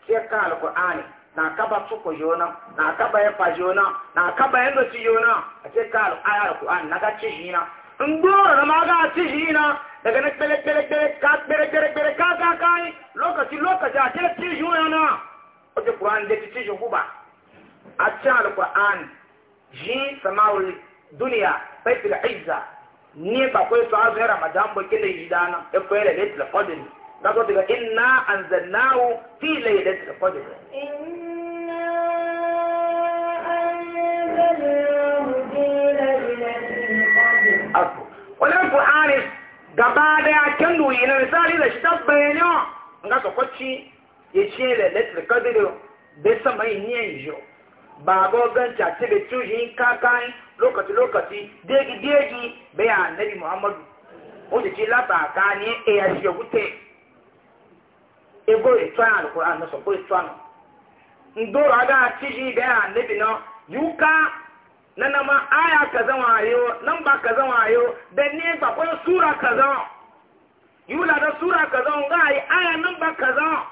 Speaker 1: sai ka al-qur'ani na kaba soko yona na kaba ya fa yona na kaba ya ndo yona a ce ka al'ayar Qur'an na ga ci hina in dora na ma a ci jina daga na kpere-kpere pele ka pele pele pele ka ka kai lokaci lokaci a ce ci jona o ce Qur'an da ci jona kuba a ce al-Qur'an ji sama'ul duniya baitul aiza ni ba ko to azu ramadan ba kile yidana e ko ele le telefoni daga inna anzalnahu fi laylatil
Speaker 2: qadr
Speaker 1: asbu wala qur'ani gaba daya kan du na misali da shabbe ne nga to kochi ye ce le letre kadiro be sama ni enjo ba go gan ta tibe ka kakai lokaci lokaci degi degi be ya annabi muhammadu o je ti lata ka ni e ya shi ogute ego etu alquran no so ko etu anu ndo aga tiji be ya annabi no yuka nana ma aya kaza wayo namba kaza wayo da ba ko sura kaza yula da sura kaza ga aya namba kaza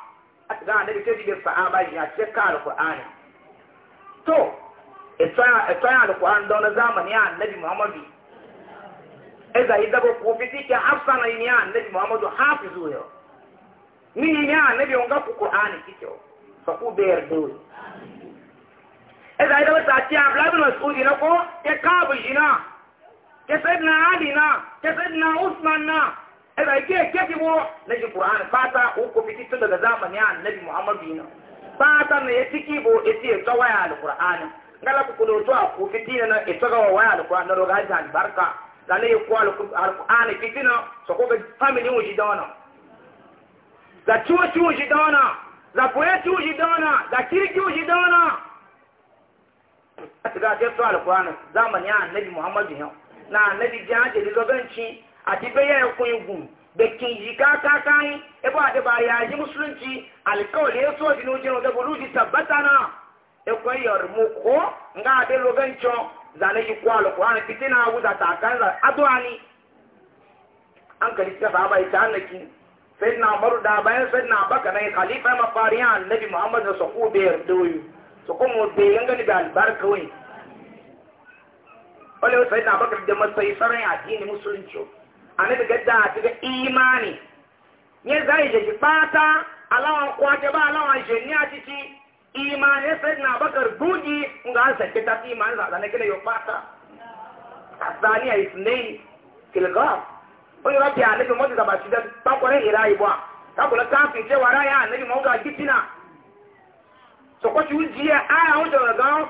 Speaker 1: ga da ke dige sahaba ya ce ka alqur'ani to ita ita alqur'an don zamani ya annabi muhammadu eza ida ko ko fitike hafsana ni ya annabi muhammadu hafizu yo ni ya annabi onga ko qur'ani kike so ku ẹ̀dà ìdọ́wọ́ta àti àbúlábìnà sóòdì lọ́kọ́ kẹ káàbù ìṣìná náà, kẹsẹ̀ kẹsẹ́dìnà usman náà ẹ̀dà ìké kéèkì wọ́ lẹ́yìn kùránì pátá òkò fi títún daga zamani à muhammadu yìí pátá na etí kíbo etí ètò wáyà alukùránì ngala kukudu na yìí na náà za za láti ká tẹ́tọ́ alukurana zamani anabi muhammadu yẹn na anabi jẹ́ a lọ́gẹ́ǹtì àti bẹ́yẹ ẹkùn igun bẹ̀kìn yìí kákáká yín ẹbọ́ àdébà ayé ayé mùsùlùmí àlìkọ́ọ̀lì èso ìdínú jẹun ọ̀dẹ́gbọ̀n lùdí sàbátà náà ẹkùn ẹ̀yọ̀ mú kó nga àdé lọ́gẹ́ǹtì zane yi kwa alƙur'ani fitina wuza ta kanza addu'a ni an kari ta baba na annaki sayyidina Umar da bayan sayyidina Abubakar ne khalifa mafariya annabi Muhammad da sahu da yardoyu su kuma bai gangani da albarka wai wale wasu sai na bakar da matsayi sarai addini musulunci a na daga da ta ga imani ne za yi jaki bata alawan kwaje ba alawan jenni a ciki imani ya sai na bakar duji nga an sake ta imani za a zane gina yau bata a saniya isnai kilgaf wani rafi a nufin wata da ba shi da bakwai irayi ba ta kula kafin cewa raya annabi mawuga gitina Sokotu hujjiya aya hujja ga gan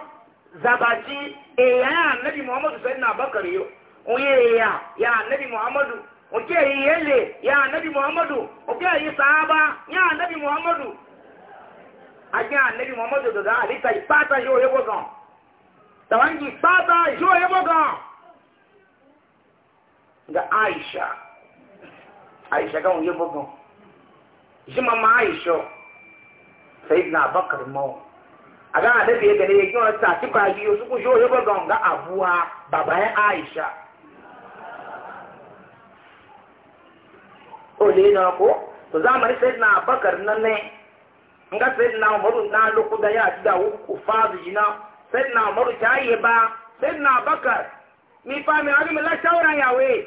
Speaker 1: zabaci e ya annabi muhammadu sayyidina abakar yo oye ya ya annabi muhammadu oke yi yele ya annabi muhammadu oke yi sahaba ya annabi muhammadu aje annabi muhammadu ga ga alita ipata yo yebo gan tawangi ipata yo yebo gan ga aisha aisha ga yebo gan jima ma aisha sayidina abakar a aga na dabe gane ya kiwon ta ci ba biyu su kusho ya a wanga abuwa baba ya aisha o le na ko to zamani sayidina abakar nan ne nga sayidina umaru na da ya ci da ku fadu jina na umaru ta yi ba sayidina abakar mi fa mi abi mi la shawara yawe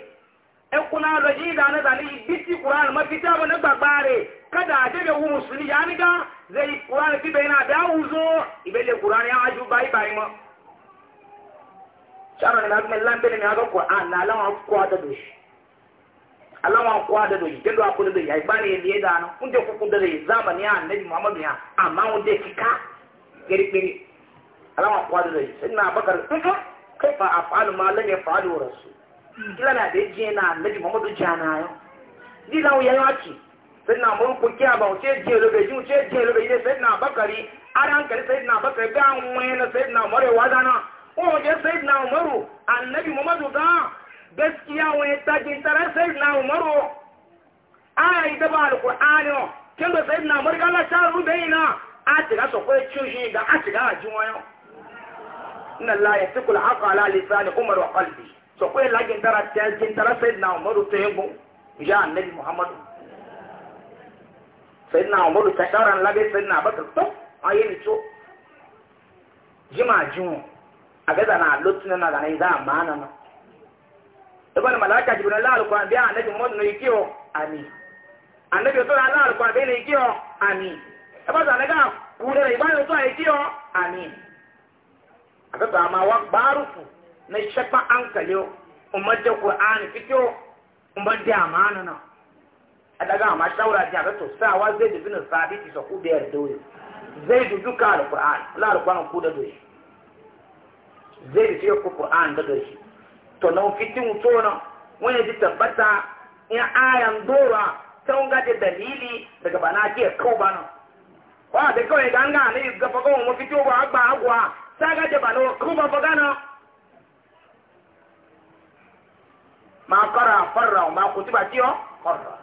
Speaker 1: e kuna roji da na zali biti qur'an ma fita ba na babare kada a dabe wu musulmi ya ni ga zai ƙurani fi bayana i wuzo ibele ƙurani ya aju bayi bayi ma sharon na kuma lambele ne haka ƙur'an na alama kuwa da doshi alama kuwa da doshi jelo a kuwa da doshi ya ibani ya liye da ana kunde kuku da doshi zamani ya annabi muhammadu ya amma wunde kika kirkiri alama kuwa da doshi sani na bakar kaka kai fa afalu ma lan ya fa'alu rasu hmm. kila na da jiya na annabi muhammadu jana yau dilan ya yi sayyidina murku kiya ba ce je lobe ju ce je lobe ide sayyidina bakari aran kare sayyidina bakari ga mun na sayyidina mare wadana o je sayyidina umaru annabi muhammadu ga gaskiya wani tajin tarar sayyidina umaru aya ida ba alqur'ani kin da sayyidina murga la sharu baina a tiga so ko chuji da a tiga ajiwayo inna la yatikul haqa ala lisani umar wa qalbi so ko tara tarar tajin tarar sayyidina umaru to yego ya annabi muhammadu sayidina umaru ta shara na labe sayidina abakar to a ni to jima jimu a gaza na lotunan na zanayi za a mana ma ibn malaka jibril la alquran bi annabi muhammad ami annabi to la alquran bi ne ami aba kure ba yo to yikiyo ami aka ma wa na shafa ankaliyo umma qur'an fikyo umma da na adaga amma shawara ta ga to sawa zai dubi na sabiti sa ku biyar doye zai dubi ka alquran la alquran ku da doye zai dubi ku alquran da doye to nan fitin to na wani ji tabbata in ayan dora ta unga da dalili daga bana ke kau bana wa da kawai ganga ne ga fago mu fito ba agba agwa saga da bana ku ba bagana ma kara farra ma kutuba tiyo farra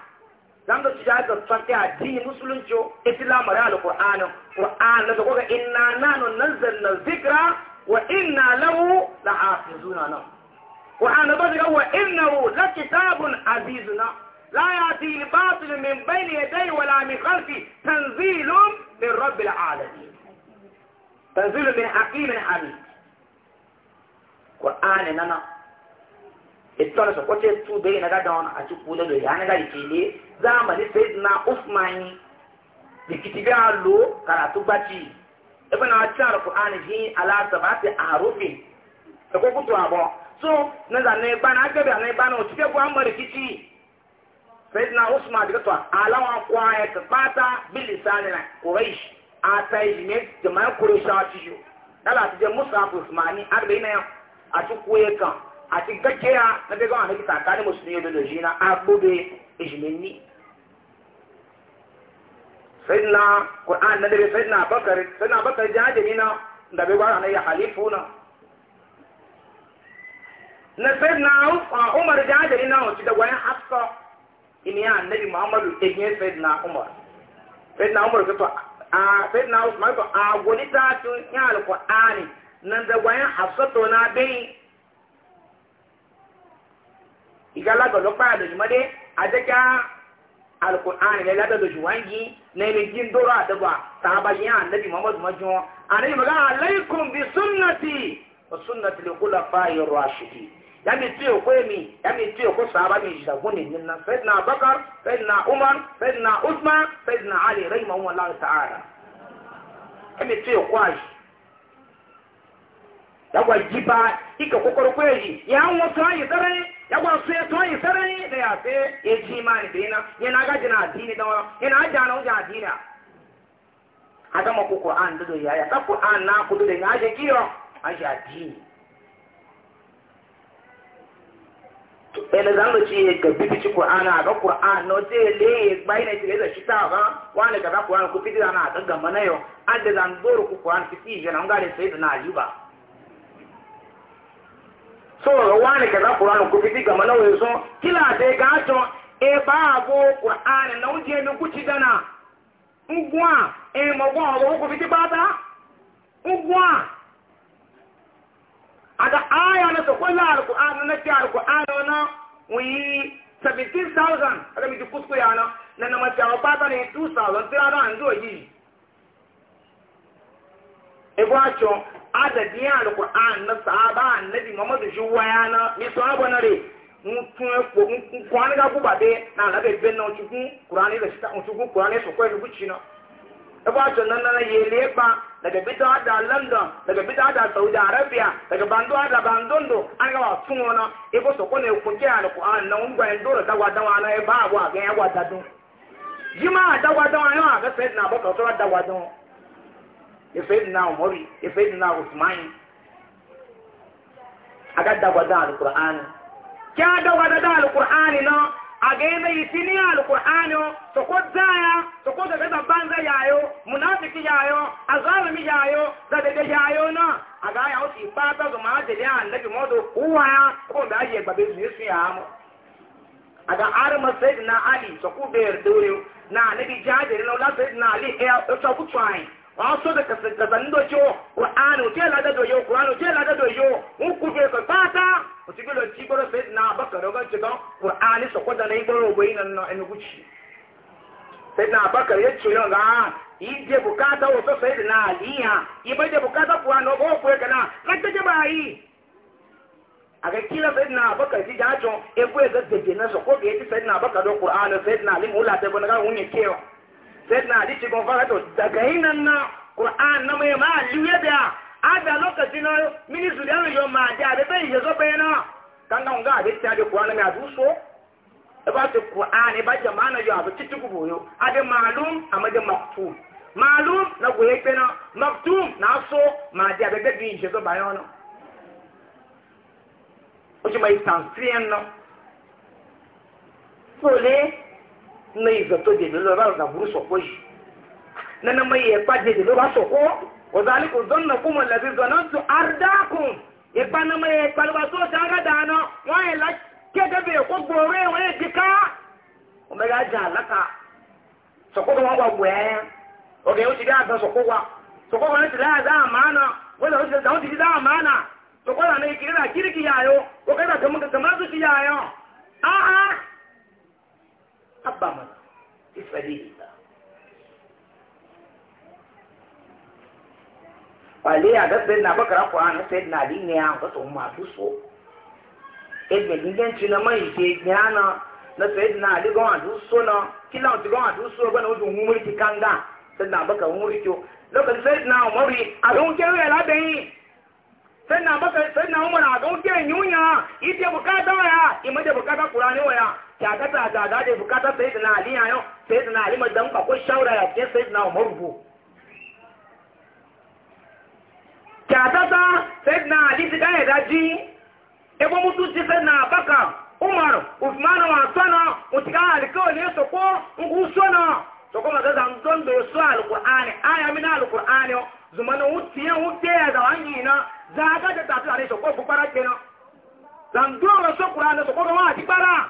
Speaker 1: zan da su jaga fati a ji musulunci ita lamari al-qur'ani qur'an da kuka inna nanu nazzalna zikra wa inna lahu lahafizuna na qur'an da ba wa innahu lakitabun azizuna لا يأتي الباطل من بين يديه ولا من خلفه تنزيل من رب العالمين تنزيل من حكيم حميد قرآن لنا etiti sọ̀kọ́ tẹ́ tú bẹ́ẹ̀ náà dáadáa àti kú lẹ́lọ ìyá náà záàmà ní sẹ́yìn náà ó fún bí a lò kàrà tó gbá tì ẹgbẹ́ náà tí àrùkù àná yí aláàtàbà àti àròfin ẹ̀kọ́ kútu àbọ̀ tó nígbà náà ẹgbà náà gbẹ̀bẹ̀ àná ẹgbà náà òtítẹ́ bu àmọ́ lèkìtì sẹ́yìn náà ó fún máa dìgbẹ́tọ̀ àti gẹ́gẹ́ra lẹ́gbẹ́gbẹ́ àwọn ẹgbẹ́ tàkà ní mùsùlùmí òdodo yìí na agbóbe ìjìnlẹ́ni. sẹ́dínà kùrán lẹ́dẹ̀bẹ̀ sẹ́dínà abọ́kẹ̀rẹ̀ sẹ́dínà abọ́kẹ̀rẹ̀ jẹ́ àjẹmí náà ndàbẹ̀gbẹ́ àwọn ẹ̀yà halifu náà. na sẹ́dínà umar jẹ́ àjẹmí náà ti dàgbà yẹn hafsọ ìní à nẹ́bí muhammadu ẹ̀yìn sẹ́dínà umar sẹ́dínà umar kẹtọ sẹ́dínà usman kẹtọ àgọ́nítà tún yàn àlùkò àní na dàgbà tó náà bẹ́yìn igalagbọ̀dọ̀ pàrọ̀ lòdìmọ́dé àtẹ́kẹ́ alukur'an ilẹ̀ ládọ̀ lòdì wá ń yí na ilé jí ń dọ́rọ̀ àdọ́gbà sàábà yẹn ànábì muhammadu mọ́jú wọn ànábì mọ́gá aláìkùn bí súnnàtì súnnàtì lè kúlọ̀ fa yọrọ̀ àṣìkì yàmi tí o kó mi yàmi tí o kó sàábà mi ìṣàgùn ní nínú fẹ́dínà abakar fẹ́dínà umar fẹ́dínà usman fẹ́dínà ali rẹ́yìn mọ́ wọn láwùjọ ààrẹ tí o kó àyè yagwa jiba ika kokoro ya nwo tsayi tsarani yagwa su ya tsayi tsarani da ya eji ya ji ma ni na da yana na wajen addini hada ma ko da ya ya ka na da ya je kiyo aje addini ene zan ci ga bibici qur'an a ga qur'an no le bai na tire da shi ta ga wani ga qur'an ku fitira na ga yo an da zan doro ku qur'an na ngare sai na ajuba
Speaker 2: sọ̀rọ̀ wá ní kẹta ti
Speaker 1: sọ kí láti gàájọ ẹ̀bá àbò kùránù náà ń jẹ́ ẹni kú ti dáná ngwọ́ à ẹ̀mọ̀gbọ́n ọ̀rọ̀ kò fi ti pátá ngwọ́ à àdá ayà náà sọ̀kọ́ láàrù kùránù náà ti àrù kùránù náà wọ́n seventeen thousand ẹ̀rọ mi ti kú sukú na ma ti two thousand adadi ya alquran na sahaba annabi muhammadu juwa na mi sahaba na re nkwan e ga guba be na alabe be ben na otugun qur'ani le sita otugun qur'ani so ko elugu e na. ebe a to nan na yele ba daga bida da london daga bida da saudi arabia daga bando da bandondo an ga wa tun ona e ko so ko ne ko ke alquran na ngwa ndoro da wa wa na e ba wa ga ya wa da dun yima da wa da wa na ga said na ba ko so da wa dun ya sayyidina Umar ya sayyidina Usman aga dagwada alqur'ani kya dagwada da alqur'ani na aga yana yitini alqur'ani to ko zaya to ko daga banza yayo munafiki yayo azalimi yayo zadede yayo na aga ya uti bata zo ma dele annabi modo uwa ko da ye babe yesu ya amu aga arma sayyidina Ali to ku ber doyo na annabi jajiri na la sayyidina Ali e to ku trying wàá sọ́dọ̀ kàṣẹ̀kàṣà ń dọ̀jọ́ kùránù tí èlà dọ̀jọ́ kùránù tí èlà dọ̀jọ́ ń kú fèrè kan pátá òtí gbọ́dọ̀ tí gbọ́dọ̀ fẹ́ na abakar ọgá ti gan kùránù sọ̀kọ́dà ní gbọ́dọ̀ ògbó yìí nà ẹnu gúcì. sẹ́dínà abakar yẹ tì yọ̀ ngá yìí jẹ bùkátà òtọ́ sẹ́dínà ji e na sako e e e ga yaji sayyidina abubakar da qur'ani sayyidina ali mula da ga sai na hadisi gon fara to daga hinan na qur'an na mai ma liye a ada lokaci na ministry da yo ma da da bai yazo bayana kan ga ga hadisi da qur'an mai aduso e ba ta qur'an e ba jama'a titi abu titugu boyo maalum malum amada maktum maalum na goye pena maktum na so ma da da bai yazo bayana o ti mai sansiyan na Sole na ìgbẹ̀tọ́ dèdè lọ bá ọ̀dà burú sọ̀kọ́ yìí nana ma iye ẹ̀pá dèdè ló bá sọ̀kọ́ ọ̀dàlẹ́ kò zọ́n nà fún mọ̀lẹ́bí zọ́nà tó àrdákùn ìpá nà ma iye ẹ̀pá ló bá sọ̀tà àgàdà àná wọ́n yẹ la kéde bẹ̀ gbòòrò ẹ̀ wọ́n yẹ ti ká wọ́n yà jẹ́ àlàkà sọ̀kọ́ yóò ti dá àgbà wa sọ̀kọ́ wọn ti àmàna ti dá àmàna أبا في سبيل الله wale a da sai na bakara ko an sai na din ne an kaso ma su so e be dingen ci na mai ke nyana na sai na di gon adu so na kila on ti gon adu so bana wudu humuri ki kanga sai na baka humuri ko lokal sai na umari a don ke ya la dai sai na baka sai na umara a don ke nyunya ite bukata ya imade bukata qur'ani waya shakata da da da bukata sai da na aliyu yayo sai na madan ko ya ce sai na umar bu shakata sai da na ali da ya daji e mutu na baka umar usman wa sana utika alko ne so ko maza zan don so aya na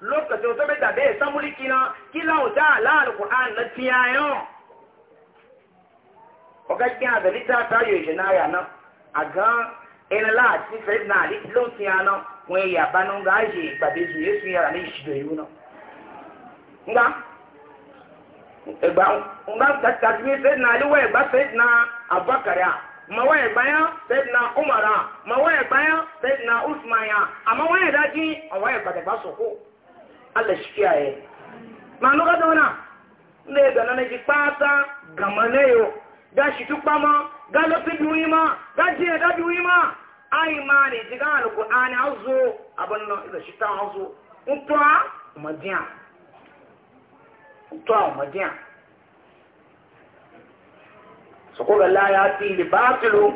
Speaker 1: lokacin wasu bai da bai san mulki na kila wuta ala alkur'an na tiyayen ọgaggen da littafa yau shi na yana a gan ina lati sai na ali lo tiyana wọn ya banu ga je babe ji yesu ya ni shi do yuno nga egba nga ta ta mi sai na ali wa egba sai na abakara ma wa egba ya sai na umara ma wa egba ya sai na usman ya ama wa ya daji wa Allah shi kiyaye ma nuka zauna ne ga nan ji fata gama ne yo da shi tukpa ma ga lafi duyi ma ga je da duyi ma ai ma ne ji ga alqur'ani azu abun nan da shi ta azu utwa madiya utwa madiya so ko la ya ti batilu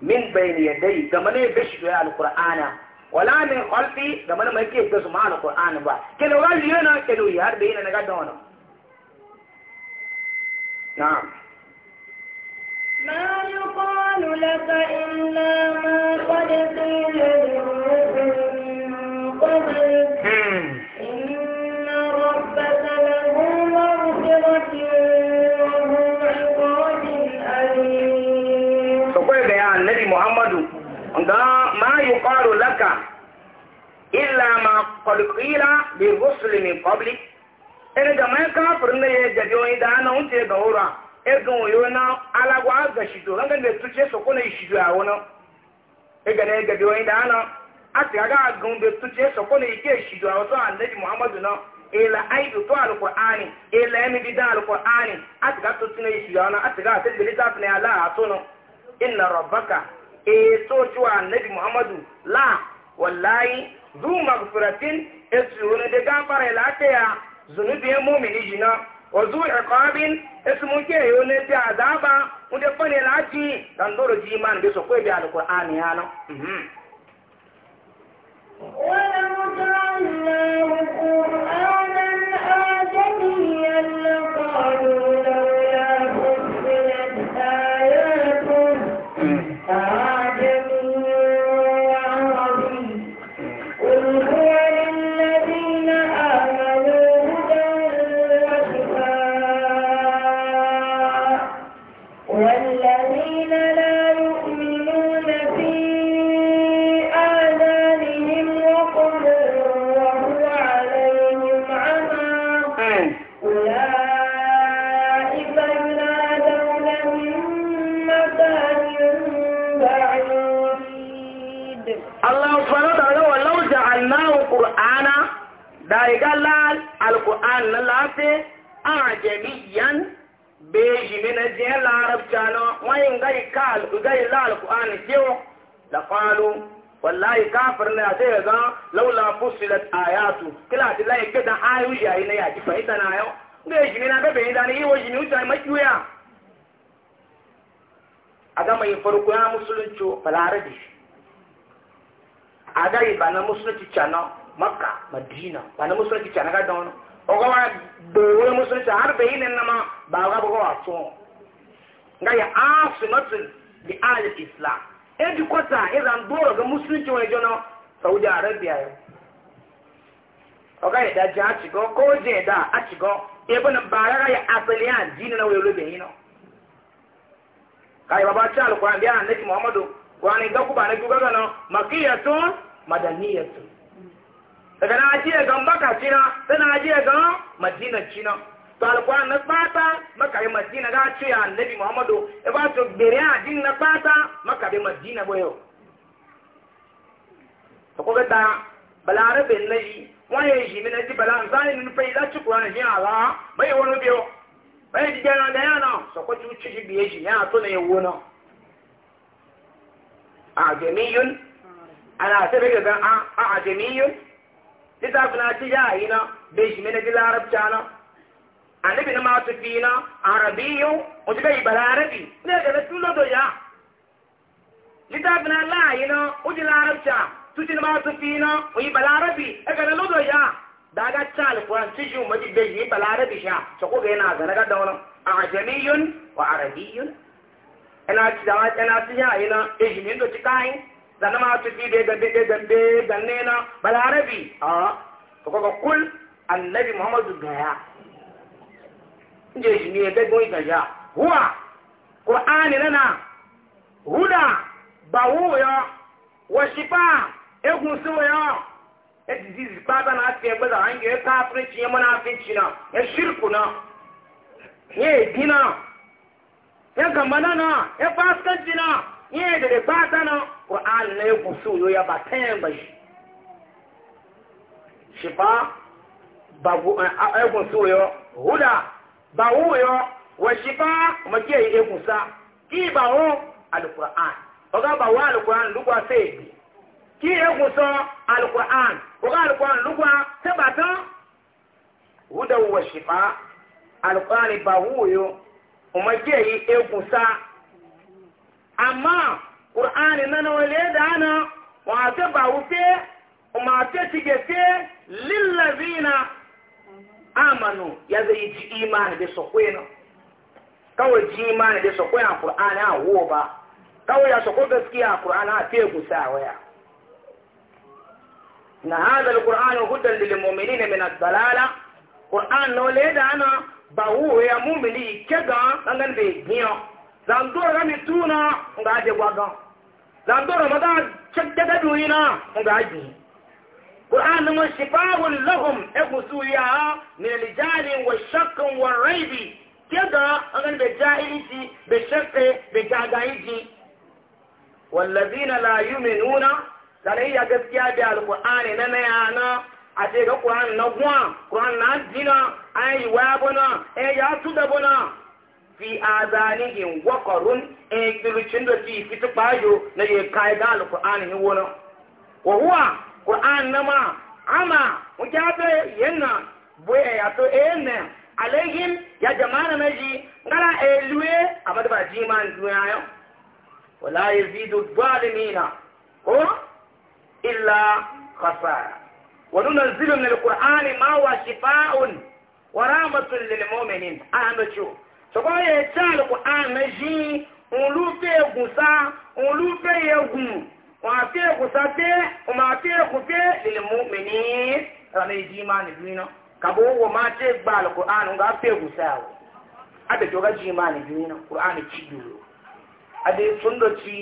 Speaker 1: min bayni yadayhi gama ne bishi da wala min khalfi da mana mai ke ga su ma'ana qur'ani ba ke da wani yana ke da har da yana ga da wannan na'am
Speaker 2: ma yuqalu laka illa ma qad qila
Speaker 1: ga ma yi la ka ila ma kwalƙila bi rusuli min qabli ina ga mai ya da ana ga wura na alagwa ga shido rangar da tuce su kuna yi shido a wani na ya gaji wani da ana a ti ga agun da tuce su kuna yi na to a na yi shido a e sojuwa Nnedi muhammadu la wallahi zu magfiratin esu wani da gafara lafiya zunubin mumini jina wa zu iqabin esu muke yo ne ta azaba unde fane lati dan doro ji man be so ko bi alqur'ani yana mhm
Speaker 2: wa la mujallahu
Speaker 1: na lafe a jami'an beji mina jiyar larabta na wayin gai kal al'udai la qur'an kewa da qalu wallahi kafir na sai ya zan laula fusilat ayatu kila da lai ke dan ayu ya na yaki fahimta na yau beji mina ga bai dan yi wajen uta makiya a ga mai farko ya musulunci balarabi a bana ibana musulunci cana makka madina bana musulunci cana ga dono ogawa dowe musulunci har bayi na nama ba ga buga wato ga ya asimatin bi ayat islam e ji kwata izan dora ga musulunci wani jona saudi arabia yau oga ya da ji a cigo ko je da a cigo ebe na ba ga ya asali a jini na welo bayi no ka yi babacin muhammadu ga na no daga na ajiye gan baka cina tana na ajiye gan madina cina to alkuwa na maka makarin madina ga ce ya annabi muhammadu ya ba su bere adin na maka makarin madina boyo. yau ta kuma da balarabin na wani ya shi mina ji bala nsali nuna fai za ci kuwa na shi ala bai wani biyo bai ji gyara da yana sakwaci uci shi biye shi ya to na ya wona a jamiyun ana sai bai ga a a jamiyun ita fina ci ya yi na bai shi mene ji larabca na annabi na masu fi na arabiyu o ti bai arabi ne ga tu lodo ya ita fina la yi na o ji larabca tu ci na masu fi na o yi arabi e ga lodo ya daga ta alquran ci ju maji bai yi arabi sha so ko n'a zana ga daga a wannan ajamiyun wa arabiyun ina ci da ina ci ya yi na e shi ci zana ma su fi dai gambe dai gambe ganne na balarabi a kakwakwa kul annabi muhammadu gaya inje shi ne bai goyi gaja huwa qur'ani nana huda bawo yo washifa egun so yo e disease baba na ati egbe da ange e ka preach ye mona preach na e shirku na ya ye e na. ya e gamana na na. e pastor na. ya e de de bata na ƙur'an na ya kusu ya ba ta yin ba shi shi fa ba ya eh, huda ba yo wa shi fa makiya ya kusa e ki ba ho al oga ba wa al-ƙur'an lugwa sai bi ki ya e kusa al-ƙur'an oga al-ƙur'an lugwa huda wa shi fa al-ƙur'an ba ho yo umakiya ya kusa e amma ƙur'ani na wale da ana wata ba wufe umarce cigefe lillazina amanu ya zai ji imani da sokwena kawai ji imani da sokwena ƙur'ani a wo ba kawai ya sokwa gaskiya a ƙur'ani a tegu sa waya na hada alƙur'ani hudun lilmomini ne min dalala Ƙur'ani na wale da ana ba wuwe ya mumini ke ga ɗangan bai biyan zandura ga mituna ga aje gwagan لابدو رمضان شدد دوينا مبعجي طيب قرآن مشفاء لهم اغسوا إياها من الجال والشك والريب كذا أغن بجائلتي بشق بجاقائتي والذين لا يؤمنون لأنه يجبكي بها القرآن نميانا أتيك القرآن نبوان قرآن نعزنا أي وابنا أي يأتو دبنا fi azanihim waqarun e kilucin da ti fitu bayo na ye kai ga alqur'ani hi wona wa huwa na nama ama mujabe yenna boye ya to ene alayhim ya jama'ana naji ngala elwe a ba jiman duyayo wala yazidu zalimina ko illa khasara wa nunzilu na alqur'ani ma huwa shifaa'un wa rahmatun lil mu'minin ahmadu sọ̀kọ́ yẹ tí àlùkò àmì sí òun ló fẹ́ ègùn sá òun ló fẹ́ ègùn wọn àti ègùn sá pé wọn àti ègùn pé lè mú mi ní ràmì ìdí máa nìlú iná kàbó wọ máa tẹ́ gba àlùkò àmì nga fẹ́ ègùn sá o abẹ́jọ́ ká jí máa nìlú iná kò àmì tí dùrù adé sóńdọ̀ tí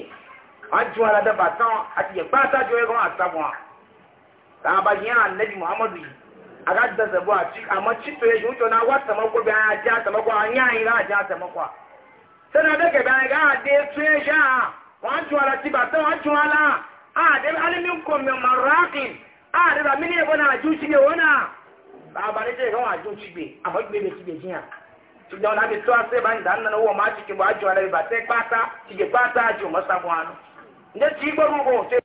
Speaker 1: wọn ju ara tán àti yẹ pátá jọ ẹgbẹ́ wọn àtàwọn àwọn abajiyàn ànẹ́bí muhammadu yìí aga da zabo a ci amma ci to ya shuto na wa sama ko ba ja sama ko an yayi ra ja sama ko sana da ke ba ga de tun sha wa ju ala ti ba to wa ju ala a de alimin ko min maraqin a de ba mini e bona ju ci ne wona ba ba ne ga wa ju ci be a ho be be ci be jiya ti da na be to ase ba ndan na wo ma ci ke ba ju ala ba te pata ti ke pata ju ma sa ko anu nde ti gbo ko te